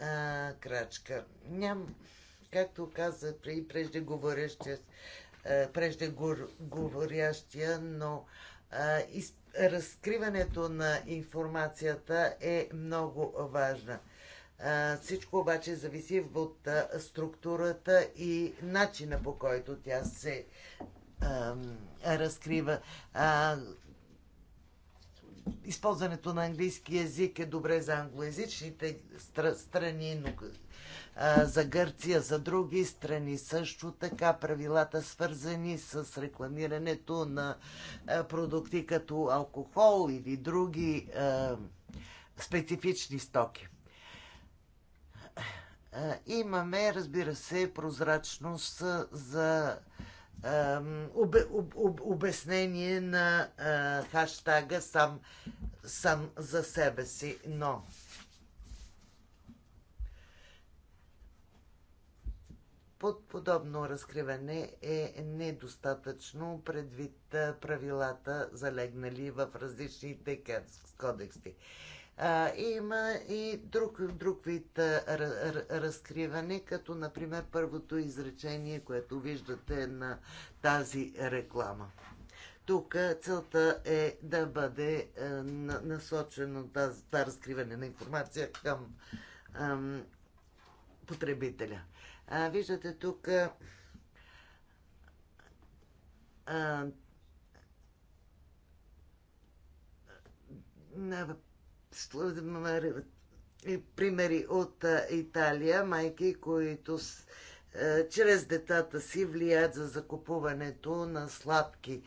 а, крачка. Ням, както каза и преждеговорящия, но а, из, разкриването на информацията е много важна. А, всичко обаче зависи от а, структурата и начина по който тя се разкрива използването на английски язик е добре за англоязичните страни, но за Гърция, за други страни също така правилата свързани с рекламирането на продукти като алкохол или други специфични стоки. Имаме, разбира се, прозрачност за об, об, обяснение на а, хаштага сам, сам за себе си, но под подобно разкриване е недостатъчно предвид правилата, залегнали в различните кодекси. Има и друг, друг вид разкриване, като например първото изречение, което виждате на тази реклама. Тук целта е да бъде насочено това разкриване на информация към потребителя. А, виждате тук а, а, примери от Италия, майки, които с, чрез децата си влияят за закупуването на сладки,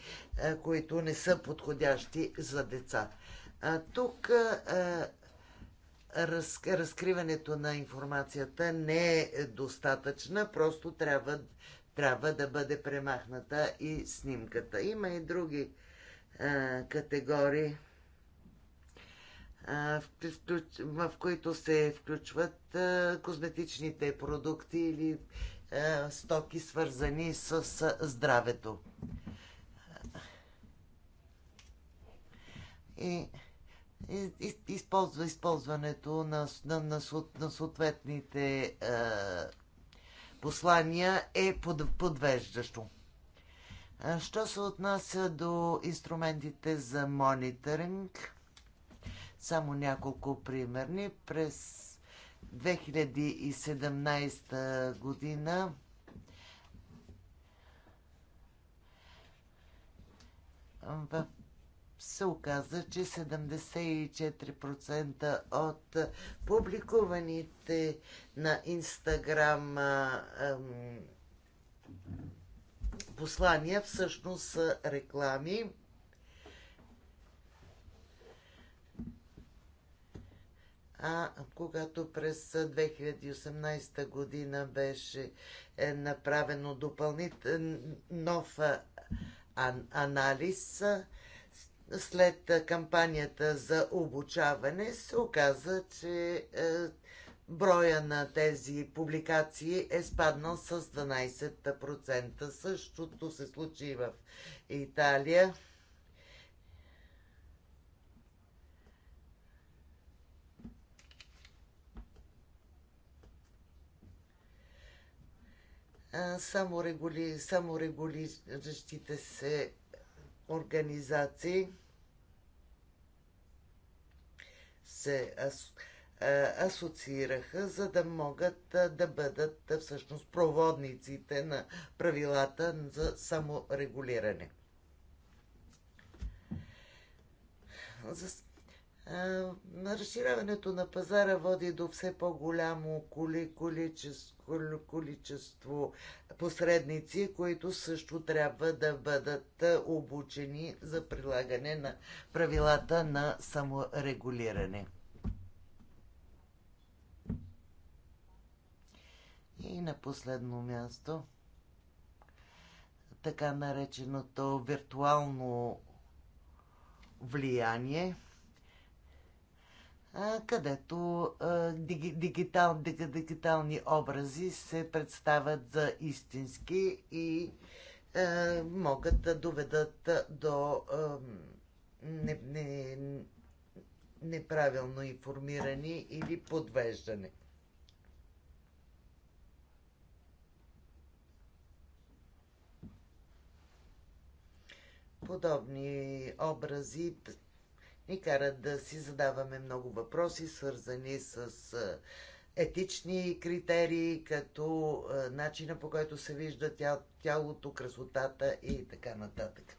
които не са подходящи за деца. А, тук раз, разкриването на информацията не е достатъчна, просто трябва, трябва да бъде премахната и снимката. Има и други категории в които се включват козметичните продукти или стоки, свързани с здравето. И използва използването на, на, на, на съответните послания е под, подвеждащо. Що се отнася до инструментите за мониторинг, само няколко примерни. През 2017 година в се оказа, че 74% от публикуваните на Инстаграм послания всъщност са реклами. а когато през 2018 година беше е, направено допълнителен нов анализ, след кампанията за обучаване се оказа, че е, броя на тези публикации е спаднал с 12%. Същото се случи в Италия. саморегули, саморегулиращите се организации се асоциираха, за да могат да бъдат всъщност проводниците на правилата за саморегулиране. За разширяването на пазара води до все по-голямо количество, количество посредници, които също трябва да бъдат обучени за прилагане на правилата на саморегулиране. И на последно място така нареченото виртуално влияние – където дигитал, дигитални образи се представят за истински и могат да доведат до не, не, неправилно информирани или подвеждане. Подобни образи ни карат да си задаваме много въпроси, свързани с етични критерии, като начина по който се вижда тя, тялото, красотата и така нататък.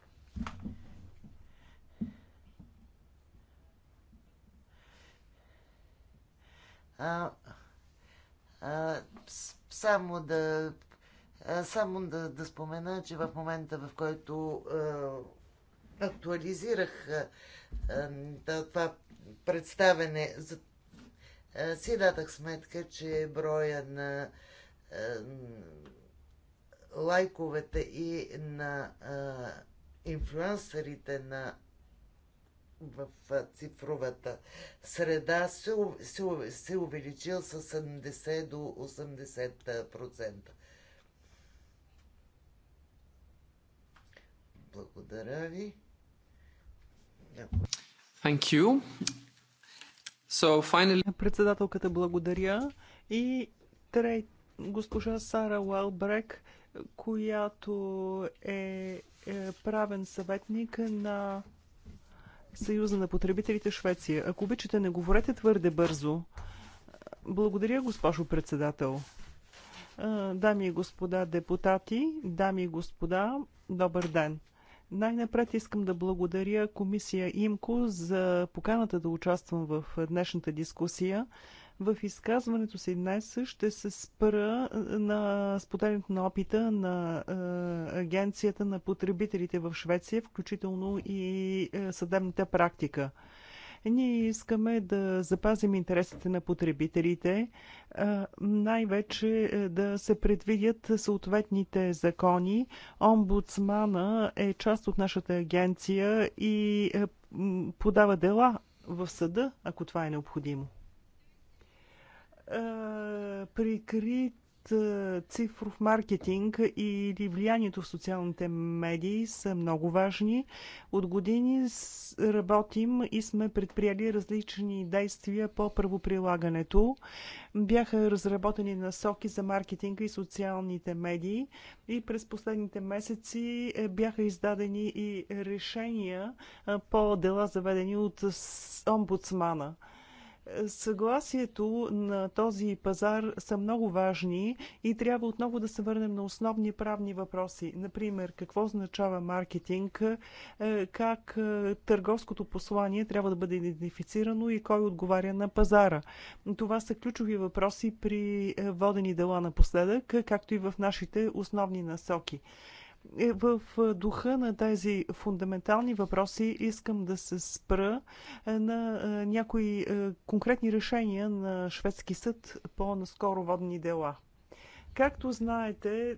А, а, само да само да, да спомена, че в момента, в който актуализирах това представене. Си дадах сметка, че броя на лайковете и на инфлюансерите на в цифровата среда се, се, се увеличил с 70 до 80%. Благодаря ви. Thank you. So, finally... Председателката благодаря и трет... госпожа Сара Уелбрек, която е, е правен съветник на Съюза на потребителите Швеция. Ако обичате, не говорете твърде бързо. Благодаря, госпожо председател. Дами и господа депутати, дами и господа, добър ден. Най-напред искам да благодаря комисия ИМКО за поканата да участвам в днешната дискусия. В изказването си днес ще се спра на споделянето на опита на е, Агенцията на потребителите в Швеция, включително и е, съдебната практика. Ние искаме да запазим интересите на потребителите, най-вече е, да се предвидят съответните закони. Омбудсмана е част от нашата агенция и е, подава дела в съда, ако това е необходимо. Прикрит е, цифров маркетинг или влиянието в социалните медии са много важни. От години работим и сме предприели различни действия по правоприлагането. Бяха разработени насоки за маркетинга и социалните медии и през последните месеци е, бяха издадени и решения е, по дела заведени от омбудсмана. Съгласието на този пазар са много важни и трябва отново да се върнем на основни правни въпроси. Например, какво означава маркетинг, е, как е, търговското послание трябва да бъде идентифицирано и кой отговаря на пазара. Това са ключови въпроси при е, водени дела напоследък, както и в нашите основни насоки. Е, в е, духа на тези фундаментални въпроси искам да се спра е, на някои конкретни решения на шведски съд по наскоро водни дела. Както знаете,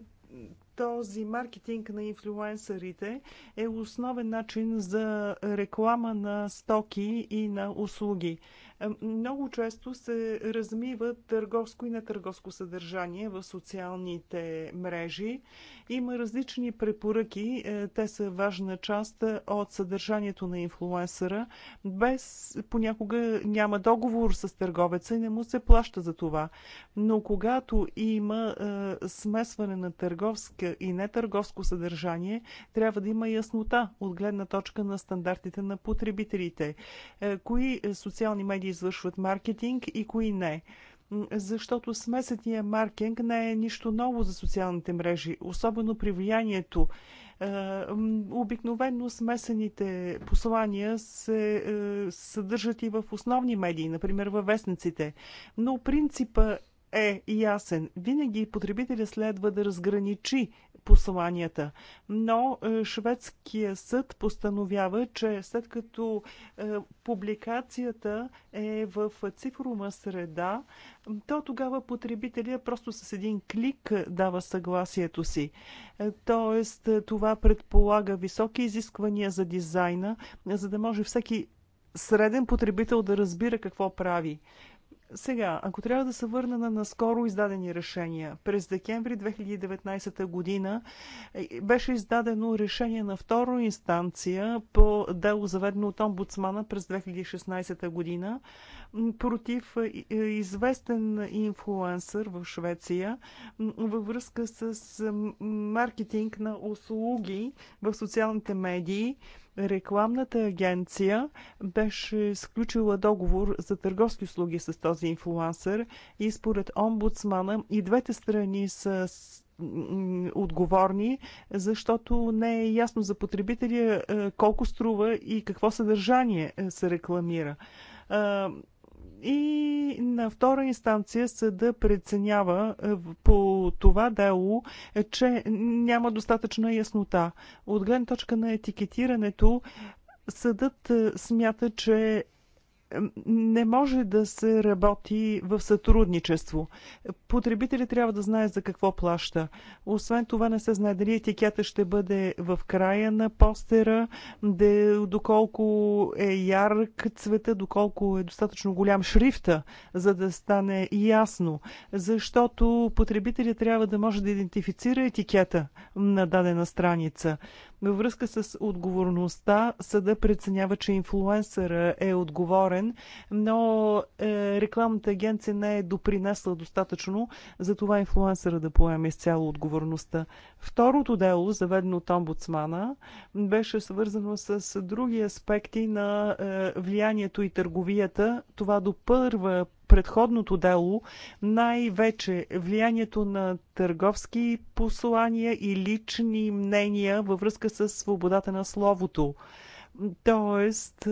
този маркетинг на инфлюенсърите е основен начин за реклама на стоки и на услуги. Е, много често се размива търговско и нетърговско съдържание в социалните мрежи. Има различни препоръки. Е, те са важна част е, от съдържанието на инфлуенсъра. Без понякога няма договор с търговеца и не му се плаща за това. Но когато има смесване на търговско и нетърговско съдържание, трябва да има яснота от гледна точка на стандартите на потребителите. Кои социални медии извършват маркетинг и кои не защото смесетния маркетинг не е нищо ново за социалните мрежи, особено при влиянието. Е, обикновено смесените послания се е, съдържат и в основни медии, например във вестниците. Но принципа е ясен. Винаги потребителя следва да разграничи посланията. Но е, шведския съд постановява, че след като е, публикацията е в цифрова среда, то тогава потребителя просто с един клик дава съгласието си. Е, тоест, това предполага високи изисквания за дизайна, за да може всеки среден потребител да разбира какво прави. Сега, ако трябва да се върна на наскоро издадени решения, през декември 2019 година е, беше издадено решение на втора инстанция по дело заведено от омбудсмана през 2016 година против е, е, известен инфлуенсър в Швеция във връзка с маркетинг на услуги в социалните медии Рекламната агенция беше сключила договор за търговски услуги с този инфлуансър и според омбудсмана и двете страни са отговорни, защото не е ясно за потребителя е, колко струва и какво съдържание е, се рекламира и на втора инстанция съда преценява е, по това дело, е, че няма достатъчна яснота. От гледна точка на етикетирането, съдът е, смята, че не може да се работи в сътрудничество. Потребителят трябва да знае за какво плаща. Освен това не се знае дали етикета ще бъде в края на постера, де, доколко е ярк цвета, доколко е достатъчно голям шрифта, за да стане ясно. Защото потребителят трябва да може да идентифицира етикета на дадена страница. Във връзка с отговорността, съда преценява, че инфлуенсъра е отговорен, но е, рекламната агенция не е допринесла достатъчно за това инфлуенсъра да поеме изцяло отговорността. Второто дело, заведено от омбудсмана, беше свързано с други аспекти на е, влиянието и търговията. Това до първа предходното дело, най-вече влиянието на търговски послания и лични мнения във връзка с свободата на словото. Тоест,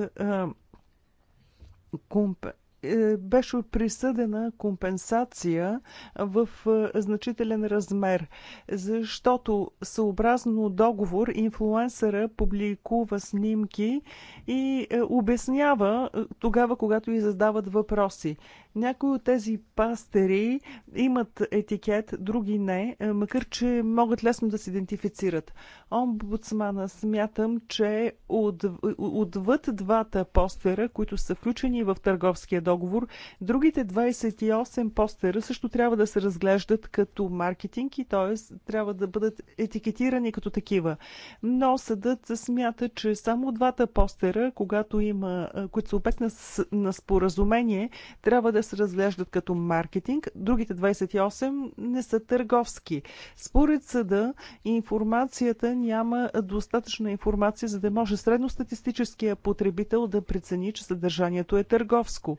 комп... Е, беше присъдена компенсация в е, значителен размер, защото съобразно договор инфлуенсъра публикува снимки и е, обяснява тогава, когато й задават въпроси. Някои от тези пастери имат етикет, други не, е, макар че могат лесно да се идентифицират. Омбудсмана смятам, че от, отвъд двата постера, които са включени в търговския договор, другите 28 постера също трябва да се разглеждат като маркетинг и т.е. трябва да бъдат етикетирани като такива. Но съдът смята, че само двата постера, когато има, е, които са обект на, на споразумение, трябва да да се разглеждат като маркетинг, другите 28 не са търговски. Според съда, информацията няма достатъчна информация, за да може средностатистическия потребител да прецени, че съдържанието е търговско.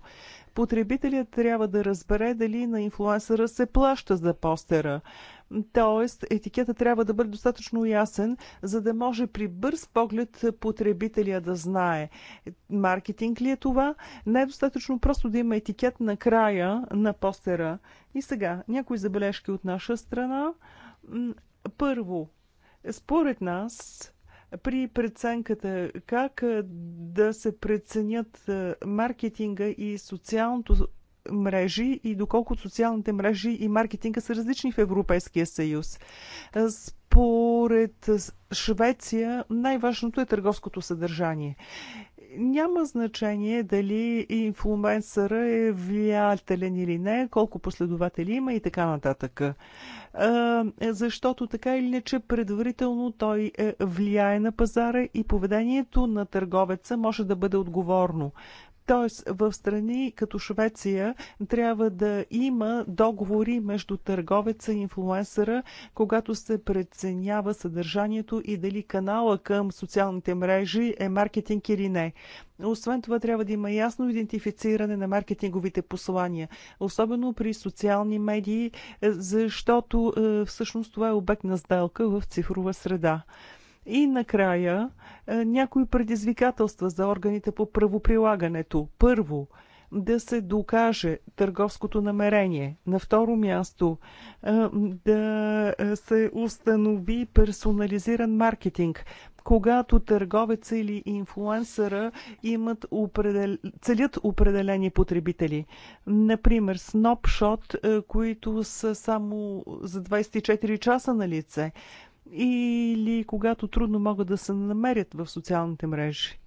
Потребителят трябва да разбере дали на инфлуенсъра се плаща за постера. Тоест, етикета трябва да бъде достатъчно ясен, за да може при бърз поглед потребителя да знае маркетинг ли е това. Не е достатъчно просто да има етикет на края на постера. И сега, някои забележки от наша страна. Първо, според нас, при преценката как да се преценят маркетинга и социалното мрежи и доколко социалните мрежи и маркетинга са различни в Европейския съюз. Според Швеция най-важното е търговското съдържание няма значение дали инфлуенсъра е влиятелен или не, колко последователи има и така нататък. Защото така или иначе предварително той е влияе на пазара и поведението на търговеца може да бъде отговорно. Тоест, в страни като Швеция трябва да има договори между търговеца и инфлуенсъра, когато се преценява съдържанието и дали канала към социалните мрежи е маркетинг или не. Освен това, трябва да има ясно идентифициране на маркетинговите послания, особено при социални медии, защото е, всъщност това е обект на сделка в цифрова среда. И накрая е, някои предизвикателства за органите по правоприлагането. Първо, да се докаже търговското намерение. На второ място е, да е, се установи персонализиран маркетинг. Когато търговеца или инфлуенсъра имат определ... целят определени потребители. Например, снопшот, които са само за 24 часа на лице или когато трудно могат да се намерят в социалните мрежи.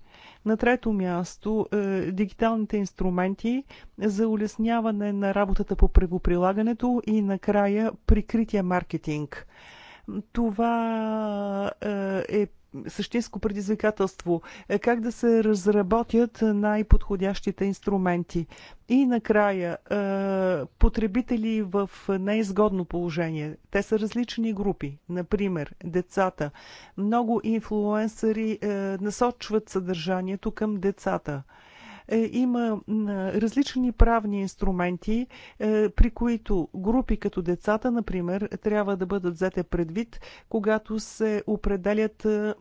На трето място, е дигиталните инструменти за улесняване на работата по превоприлагането и накрая прикрития маркетинг. Това е, е същинско предизвикателство. Е, как да се разработят най-подходящите инструменти. И накрая, е, потребители в неизгодно положение. Те са различни групи. Например, децата. Много инфлуенсъри е, насочват съдържанието към децата. Е, има различни правни инструменти, е, при които групи като децата, например, трябва да бъдат взете предвид, когато се определят е,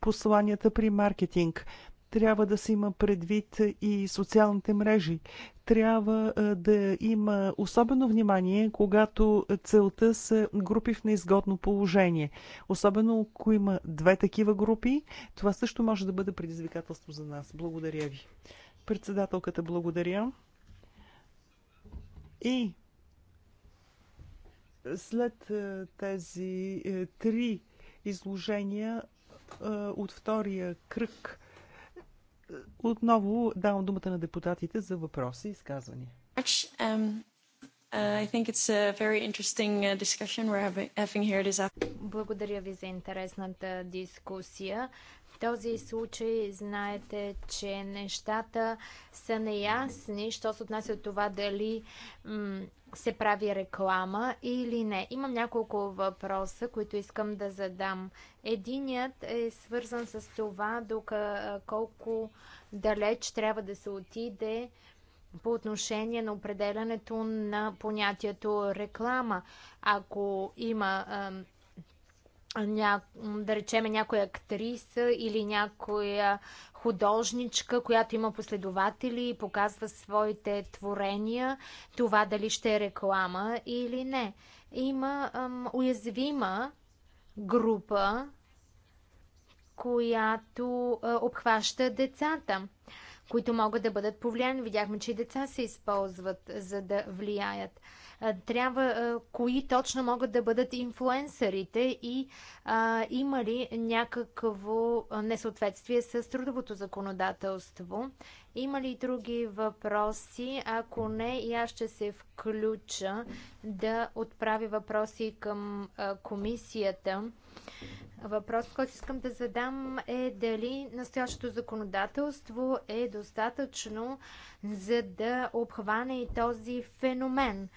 посланията при маркетинг трябва да се има предвид и социалните мрежи. Трябва да има особено внимание, когато целта са групи в неизгодно положение. Особено ако има две такива групи, това също може да бъде предизвикателство за нас. Благодаря ви. Председателката благодаря. И след е, тези е, три изложения е, от втория кръг отново давам думата на депутатите за въпроси и изказвания. Um, uh, uh, благодаря ви за интересната дискусия този случай знаете, че нещата са неясни, що се отнася от това дали се прави реклама или не. Имам няколко въпроса, които искам да задам. Единият е свързан с това дока, колко далеч трябва да се отиде по отношение на определянето на понятието реклама. Ако има ня... да речеме някоя актриса или някоя художничка, която има последователи и показва своите творения, това дали ще е реклама или не. Има ам, уязвима група, която а, обхваща децата които могат да бъдат повлияни. Видяхме, че и деца се използват, за да влияят. Трябва, кои точно могат да бъдат инфлуенсърите и а, има ли някакво несъответствие с трудовото законодателство? Има ли други въпроси? Ако не, и аз ще се включа да отправя въпроси към а, комисията. Въпрос, който искам да задам е дали настоящото законодателство е достатъчно за да обхване и този феномен.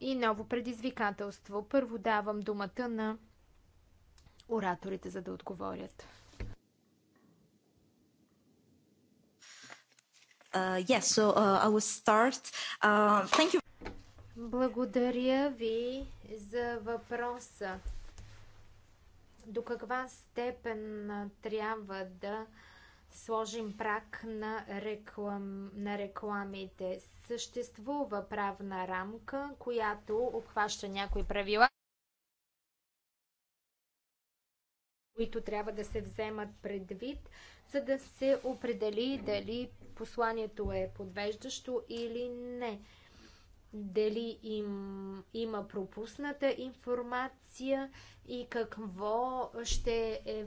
И ново предизвикателство. Първо давам думата на ораторите, за да отговорят. Uh, yes, so uh, I will start. Uh, thank you благодаря ви за въпроса. До каква степен трябва да сложим прак на, реклам, на рекламите? Съществува правна рамка, която обхваща някои правила, които трябва да се вземат предвид, за да се определи дали посланието е подвеждащо или не дали им, има пропусната информация и какво ще е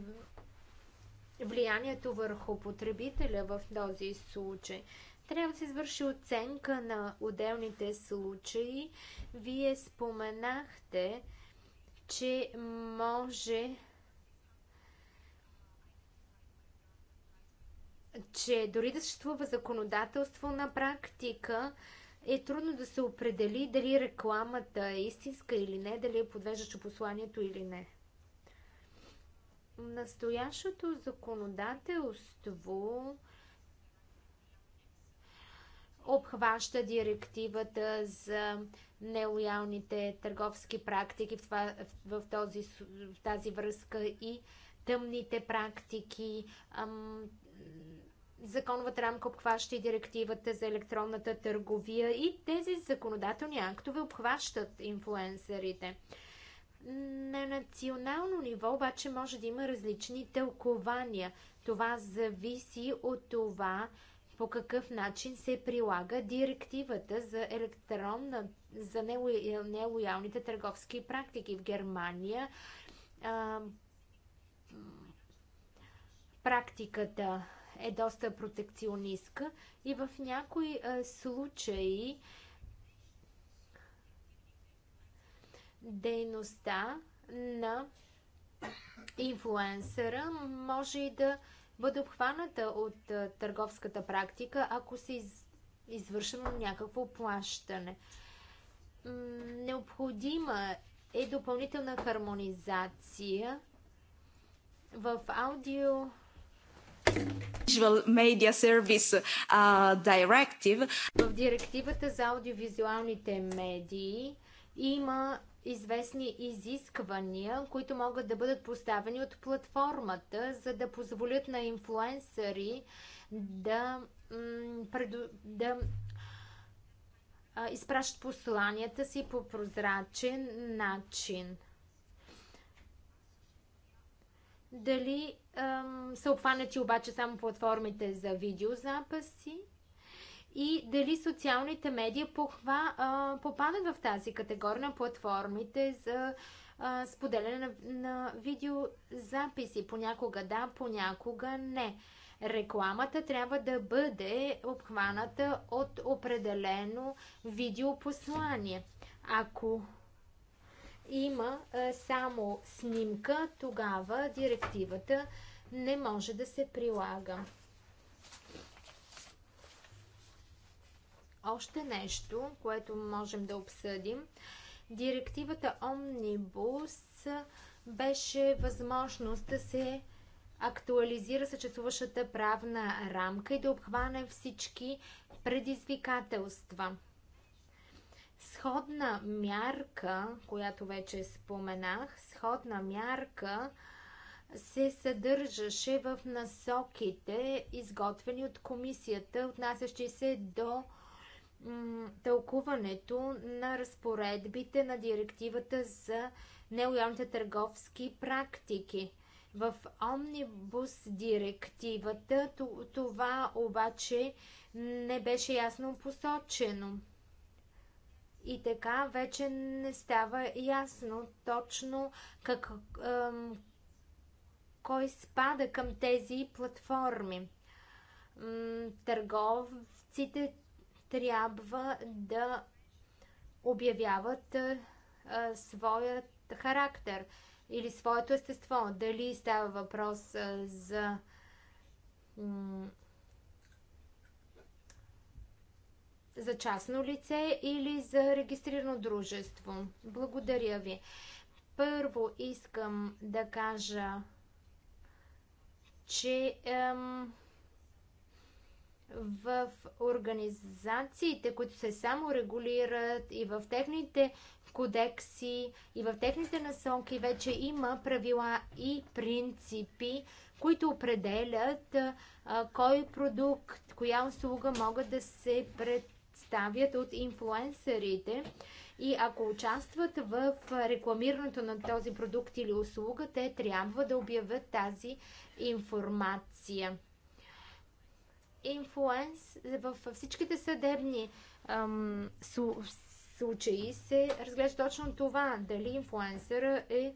влиянието върху потребителя в този случай. Трябва да се извърши оценка на отделните случаи. Вие споменахте, че може че дори да съществува законодателство на практика, е трудно да се определи дали рекламата е истинска или не, дали е подвеждаща посланието или не. Настоящото законодателство обхваща директивата за нелоялните търговски практики в, това, в, този, в тази връзка и тъмните практики, законовата рамка обхваща и директивата за електронната търговия и тези законодателни актове обхващат инфлуенсърите. На национално ниво обаче може да има различни тълкования. Това зависи от това по какъв начин се прилага директивата за електронна, за нелоялните търговски практики в Германия. А, практиката е доста протекционистка и в някои а, случаи дейността на инфлуенсъра може и да бъде обхваната от а, търговската практика, ако се из, извършено някакво плащане. М необходима е допълнителна хармонизация в аудио Media Service Directive. В директивата за аудиовизуалните медии има известни изисквания, които могат да бъдат поставени от платформата, за да позволят на инфлуенсъри да, да изпращат посланията си по прозрачен начин. Дали ам, са обхванати обаче само платформите за видеозаписи и дали социалните медии похва, а, попадат в тази категория на платформите за а, споделяне на, на видеозаписи. Понякога да, понякога не. Рекламата трябва да бъде обхваната от определено видеопослание. Ако има е, само снимка, тогава директивата не може да се прилага. Още нещо, което можем да обсъдим. Директивата Омнибус беше възможност да се актуализира съществуващата правна рамка и да обхване всички предизвикателства – Сходна мярка, която вече споменах, сходна мярка се съдържаше в насоките, изготвени от комисията, отнасящи се до тълкуването на разпоредбите на директивата за нелоялните търговски практики. В Омнибус директивата това обаче не беше ясно посочено. И така вече не става ясно точно как, ем, кой спада към тези платформи. Търговците трябва да обявяват е, своят характер или своето естество. Дали става въпрос е, за за частно лице или за регистрирано дружество. Благодаря ви. Първо искам да кажа, че ем, в организациите, които се само регулират и в техните кодекси и в техните насоки вече има правила и принципи, които определят а, кой продукт, коя услуга могат да се пред представят от инфлуенсърите и ако участват в рекламирането на този продукт или услуга, те трябва да обявят тази информация. Инфлуенс във всичките съдебни ам, су, случаи се разглежда точно това, дали инфлуенсъра е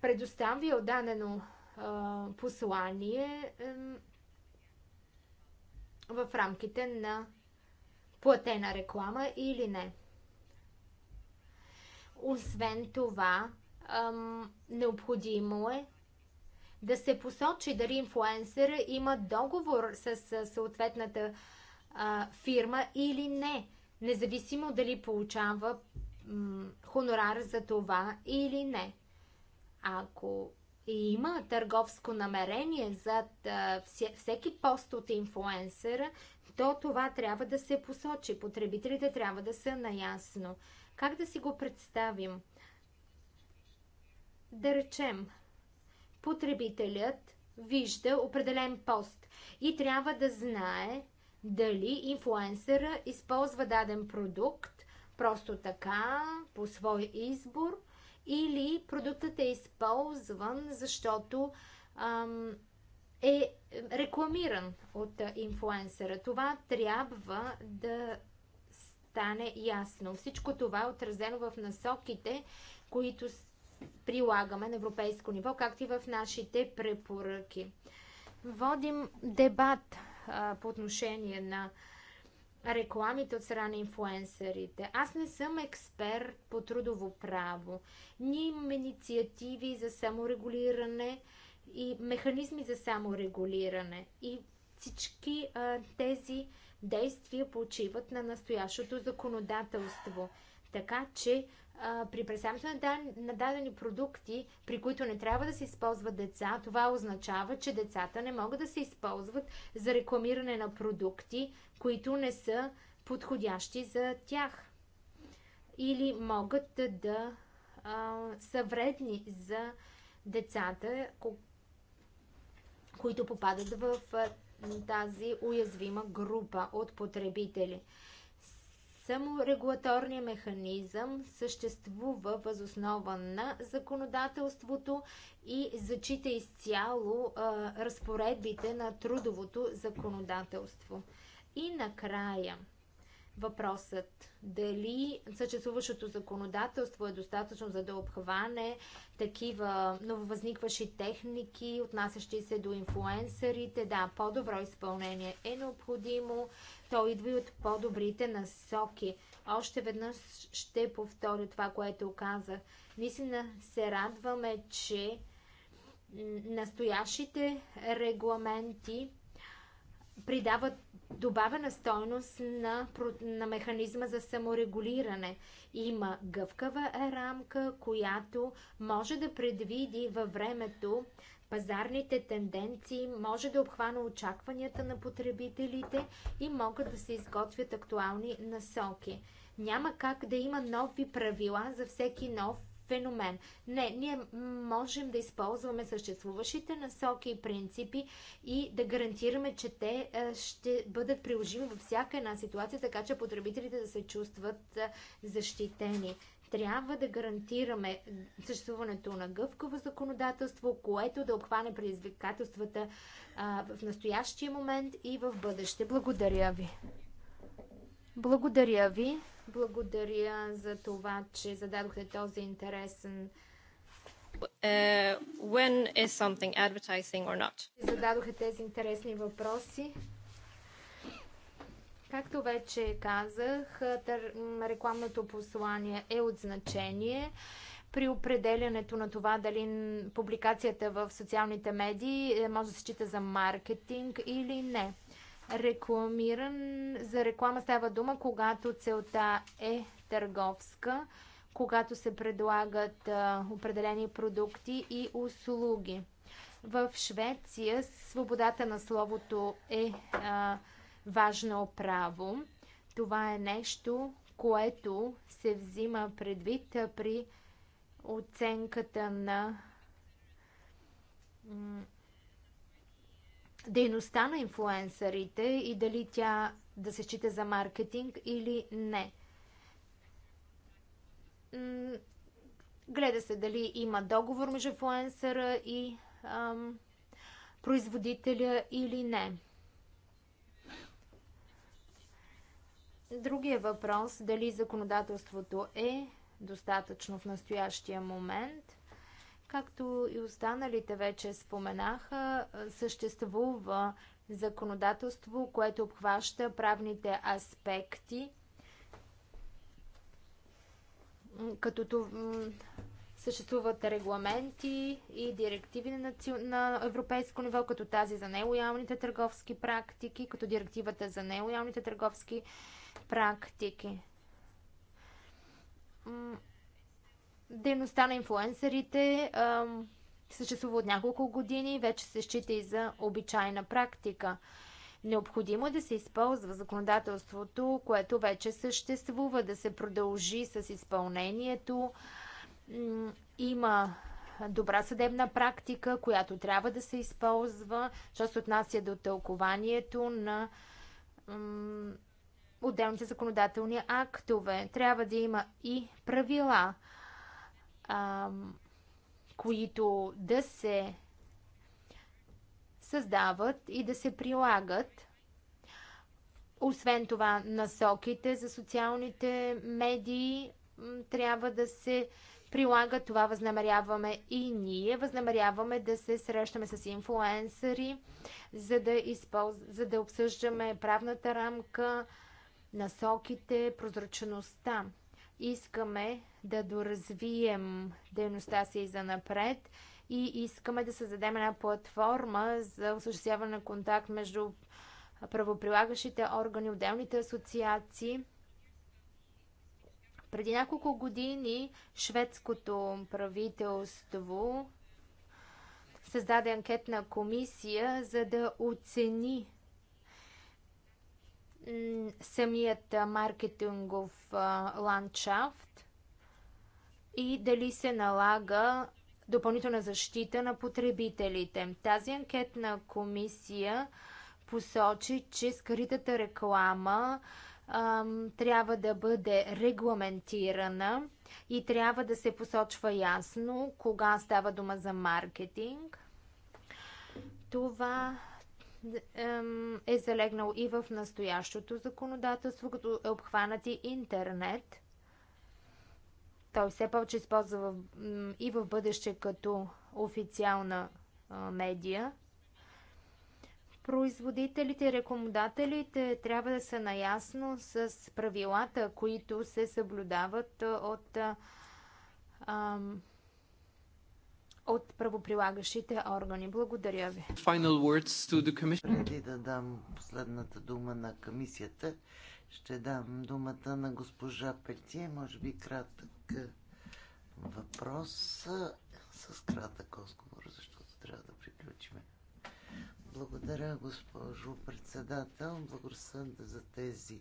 предоставил дадено а, послание а, в рамките на платена реклама или не. Освен това, ам, необходимо е да се посочи дали инфлуенсъра има договор с съответната а, фирма или не, независимо дали получава м, хонорар за това или не. Ако и има търговско намерение зад всеки пост от инфлуенсъра, то това трябва да се посочи. Потребителите трябва да са наясно. Как да си го представим? Да речем, потребителят вижда определен пост и трябва да знае дали инфлуенсъра използва даден продукт просто така, по свой избор – или продуктът е използван, защото ам, е рекламиран от инфлуенсера. Това трябва да стане ясно. Всичко това е отразено в насоките, които прилагаме на европейско ниво, както и в нашите препоръки. Водим дебат а, по отношение на рекламите от страна на инфуенсерите. Аз не съм експерт по трудово право. Ние имаме инициативи за саморегулиране и механизми за саморегулиране. И всички а, тези действия почиват на настоящото законодателство. Така че при представянето на дадени продукти, при които не трябва да се използват деца, това означава, че децата не могат да се използват за рекламиране на продукти, които не са подходящи за тях. Или могат да а, са вредни за децата, които попадат в тази уязвима група от потребители. Само механизъм съществува възоснова на законодателството и зачита изцяло а, разпоредбите на трудовото законодателство. И накрая – въпросът дали съществуващото законодателство е достатъчно за да обхване такива нововъзникващи техники, отнасящи се до инфлуенсърите. Да, по-добро изпълнение е необходимо. То идва и от по-добрите насоки. Още веднъж ще повторя това, което казах. Наистина се радваме, че настоящите регламенти придават добавена стойност на, на механизма за саморегулиране. Има гъвкава рамка, която може да предвиди във времето пазарните тенденции, може да обхвана очакванията на потребителите и могат да се изготвят актуални насоки. Няма как да има нови правила за всеки нов феномен. Не, ние можем да използваме съществуващите насоки и принципи и да гарантираме, че те е, ще бъдат приложими във всяка една ситуация, така че потребителите да се чувстват е, защитени трябва да гарантираме съществуването на гъвкаво законодателство, което да обхване предизвикателствата е, в настоящия момент и в бъдеще. Благодаря ви. Благодаря ви. Благодаря за това, че зададохте този интересен Uh, when is something advertising or not? Зададоха тези интересни въпроси. Както вече казах, рекламното послание е от значение. При определянето на това дали публикацията в социалните медии е, може да се счита за маркетинг или не. Рекламиран, за реклама става дума, когато целта е търговска, когато се предлагат а, определени продукти и услуги. В Швеция свободата на словото е а, важно право. Това е нещо, което се взима предвид при оценката на дейността на инфлуенсърите и дали тя да се счита за маркетинг или не. Гледа се дали има договор между инфлуенсъра и ам, производителя или не. Другия въпрос дали законодателството е достатъчно в настоящия момент – Както и останалите вече споменаха, съществува законодателство, което обхваща правните аспекти, като съществуват регламенти и директиви на, на европейско ниво, като тази за нелоялните търговски практики, като директивата за нелоялните търговски практики Дейността на инфлуенсърите съществува от няколко години и вече се счита и за обичайна практика. Необходимо е да се използва законодателството, което вече съществува, да се продължи с изпълнението. Има добра съдебна практика, която трябва да се използва, що се отнася до тълкованието на отделните законодателни актове. Трябва да има и правила – а, които да се създават и да се прилагат. Освен това, насоките за социалните медии трябва да се прилагат. Това възнамеряваме и ние. Възнамеряваме да се срещаме с инфлуенсъри, за да, използ... за да обсъждаме правната рамка, насоките, прозрачността. Искаме да доразвием дейността си за напред и искаме да създадем една платформа за осъществяване на контакт между правоприлагащите органи, отделните асоциации. Преди няколко години шведското правителство създаде анкетна комисия, за да оцени самият маркетингов ландшафт и дали се налага допълнителна защита на потребителите. Тази анкетна комисия посочи, че скритата реклама ам, трябва да бъде регламентирана и трябва да се посочва ясно кога става дума за маркетинг. Това е залегнало и в настоящото законодателство, като е обхванати интернет. Той все повече използва и в бъдеще като официална медия. Производителите и рекомодателите трябва да са наясно с правилата, които се съблюдават от, от правоприлагащите органи. Благодаря ви. Преди да дам последната дума на комисията, ще дам думата на госпожа Петия, може би кратък въпрос с кратък отговор, защото трябва да приключим. Благодаря, госпожо председател. благодаря за тези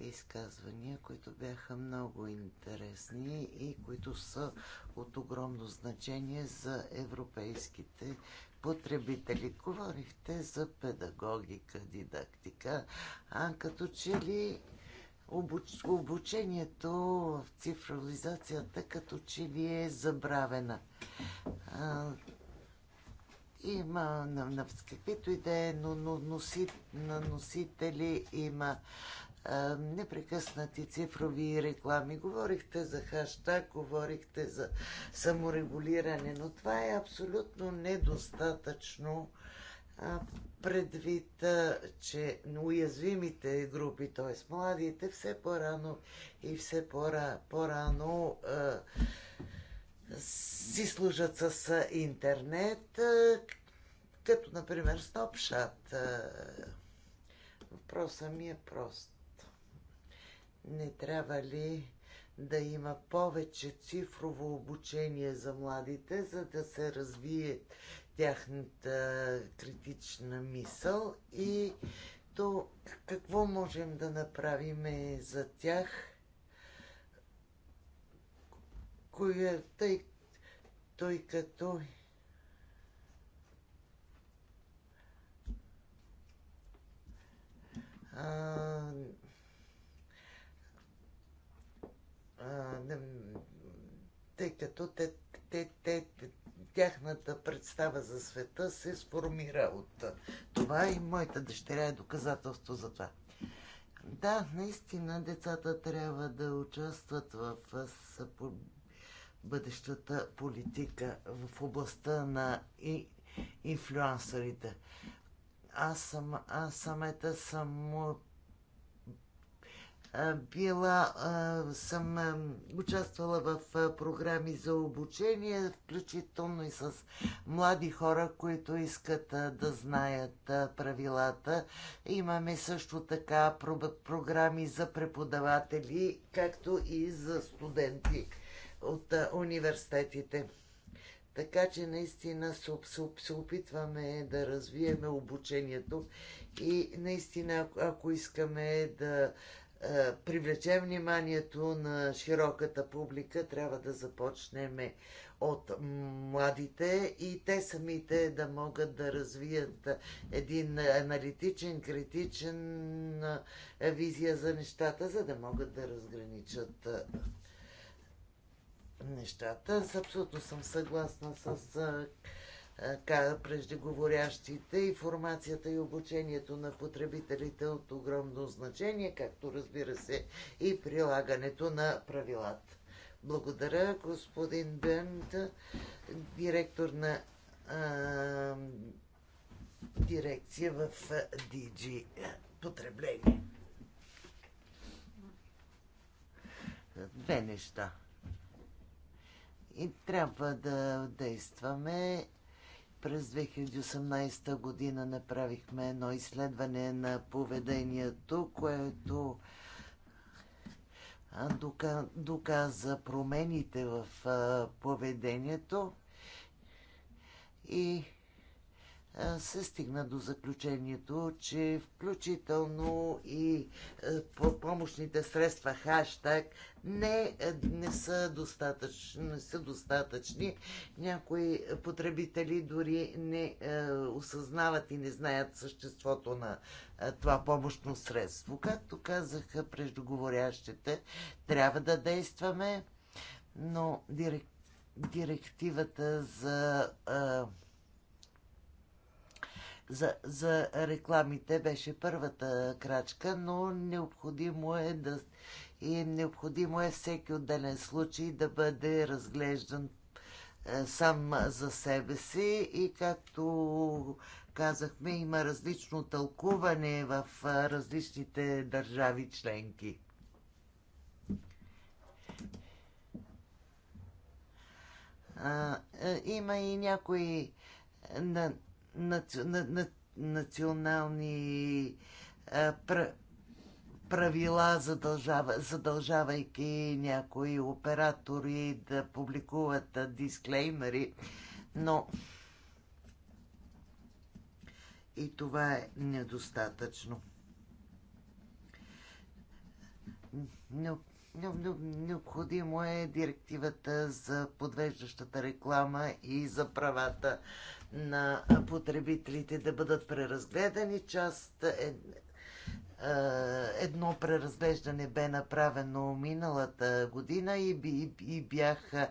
изказвания, които бяха много интересни и които са от огромно значение за европейските потребители. Говорихте за педагогика, дидактика, а като че ли обуч, обучението в цифровизацията като че ли е забравена. А, има на, на каквито и да е, но, но носи, на носители има а, непрекъснати цифрови реклами. Говорихте за хаштаг, говорихте за саморегулиране, но това е абсолютно недостатъчно предвид, че уязвимите групи, т.е. младите, все по-рано и все по-рано си служат с интернет, като, например, Snapchat. Въпросът ми е прост. Не трябва ли да има повече цифрово обучение за младите, за да се развие тяхната критична мисъл и то какво можем да направим за тях, коя, тъй, той като а, а, не, тъй като те, те, те, тяхната представа за света се сформира от това и моята дъщеря е доказателство за това. Да, наистина децата трябва да участват в бъдещата политика в областта на и инфлюансърите. Аз, съм, аз самата съм била, съм участвала в програми за обучение, включително и с млади хора, които искат да знаят правилата. Имаме също така програми за преподаватели, както и за студенти от университетите. Така че наистина се опитваме да развиеме обучението и наистина, ако искаме да е, привлечем вниманието на широката публика, трябва да започнем от младите и те самите да могат да развият един аналитичен, критичен е, визия за нещата, за да могат да разграничат е, нещата. Абсолютно съм съгласна с преждеговорящите. Информацията и обучението на потребителите е от огромно значение, както разбира се и прилагането на правилата. Благодаря, господин Бент, директор на а, дирекция в DG потребление. Две неща. И трябва да действаме през 2018 година направихме едно изследване на поведението, което доказа промените в поведението и се стигна до заключението, че включително и помощните средства хаштаг не, не, са достатъчни, не са достатъчни. Някои потребители дори не е, осъзнават и не знаят съществото на е, това помощно средство. Както казаха преждоговорящите, трябва да действаме, но директ, директивата за е, за, за рекламите беше първата крачка, но необходимо е да и необходимо е всеки отделен случай да бъде разглеждан е, сам за себе си и както казахме, има различно тълкуване в е, различните държави членки. Е, има и някои на наци... на... На... национални правила, задължава, задължавайки някои оператори да публикуват дисклеймери, но и това е недостатъчно. Но... Необходимо е директивата за подвеждащата реклама и за правата на потребителите да бъдат преразгледани. Част е, едно преразглеждане бе направено миналата година и, и, и бяха е,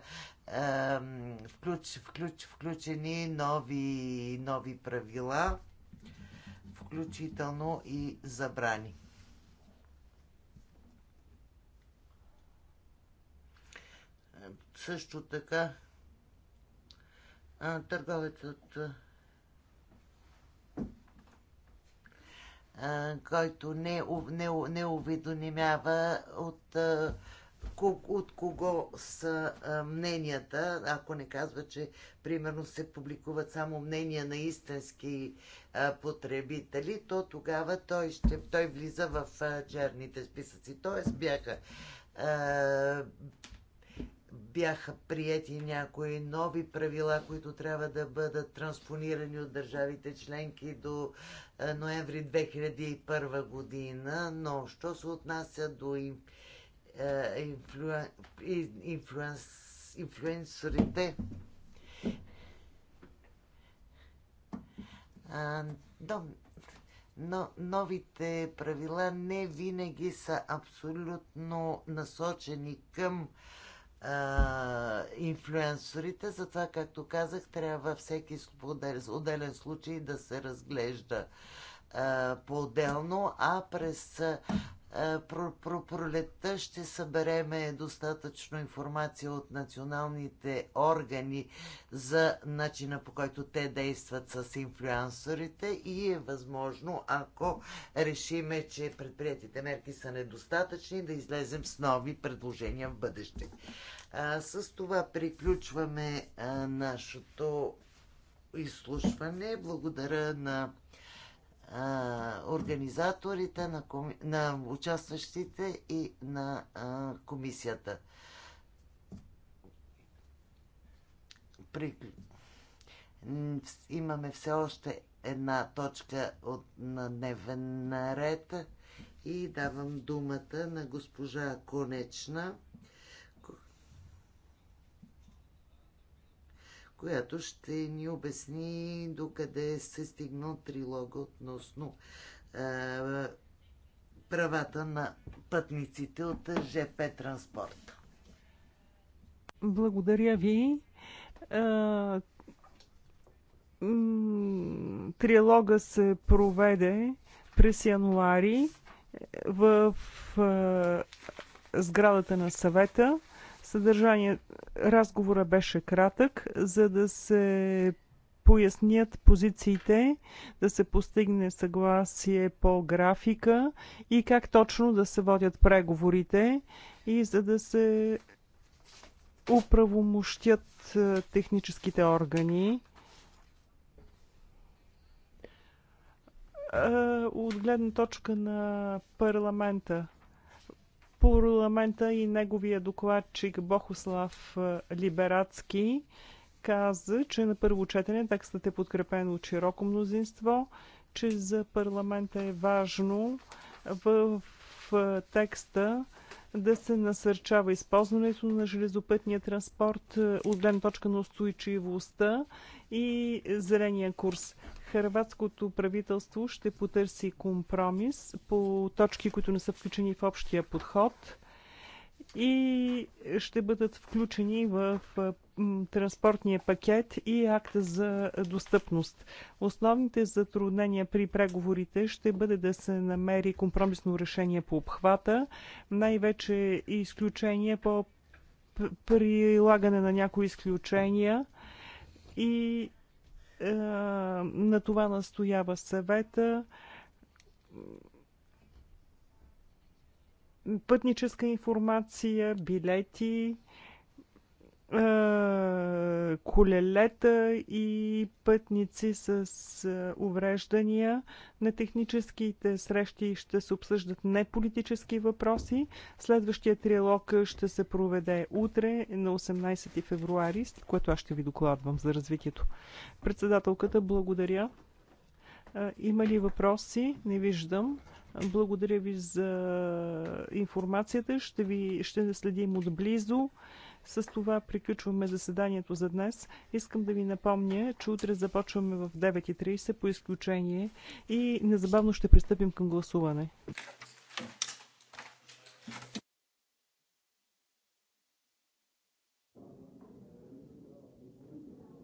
включ, включ, включени нови, нови правила, включително и забрани. Също така а, търговецът, а, който не, не, не уведомява от, от кого са а, мненията, ако не казва, че примерно се публикуват само мнения на истински а, потребители, то тогава той, ще, той влиза в а, черните списъци. Тоест бяха бяха приети някои нови правила, които трябва да бъдат транспонирани от държавите членки до е, ноември 2001 година, но що се отнася до е, инфлюенсорите. но, но новите правила не винаги са абсолютно насочени към инфлюенсорите. Затова, както казах, трябва всеки отделен случай да се разглежда по-отделно, а през про, пролетта ще събереме достатъчно информация от националните органи за начина по който те действат с инфлюансорите и е възможно, ако решиме, че предприятите мерки са недостатъчни, да излезем с нови предложения в бъдеще. А, с това приключваме а, нашето изслушване. Благодаря на а, организаторите, на, коми... на участващите и на а, комисията. При... Имаме все още една точка от, на дневен ред и давам думата на госпожа Конечна която ще ни обясни докъде се стигнал трилога относно е, правата на пътниците от ЖП транспорта. Благодаря ви. Е, трилога се проведе през януари в е, сградата на съвета. Съдържание, разговора беше кратък, за да се пояснят позициите, да се постигне съгласие по графика и как точно да се водят преговорите и за да се управомощят е, техническите органи. Е, от гледна точка на парламента парламента и неговия докладчик Бохослав Либерацки каза, че на първо четене текстът е подкрепен от широко мнозинство, че за парламента е важно в, в текста да се насърчава използването на железопътния транспорт от гледна точка на устойчивостта и зеления курс хърватското правителство ще потърси компромис по точки, които не са включени в общия подход и ще бъдат включени в транспортния пакет и акта за достъпност. Основните затруднения при преговорите ще бъде да се намери компромисно решение по обхвата, най-вече изключение по прилагане на някои изключения и е, на това настоява съвета. Пътническа информация, билети, е, колелета и пътници с е, увреждания. На техническите срещи ще се обсъждат не политически въпроси. Следващия триалог ще се проведе утре на 18 февруари, което аз ще ви докладвам за развитието. Председателката, благодаря. Е, има ли въпроси? Не виждам. Благодаря ви за информацията. Ще, ви, ще следим отблизо. С това приключваме заседанието за днес. Искам да ви напомня, че утре започваме в 9.30 по изключение и незабавно ще пристъпим към гласуване.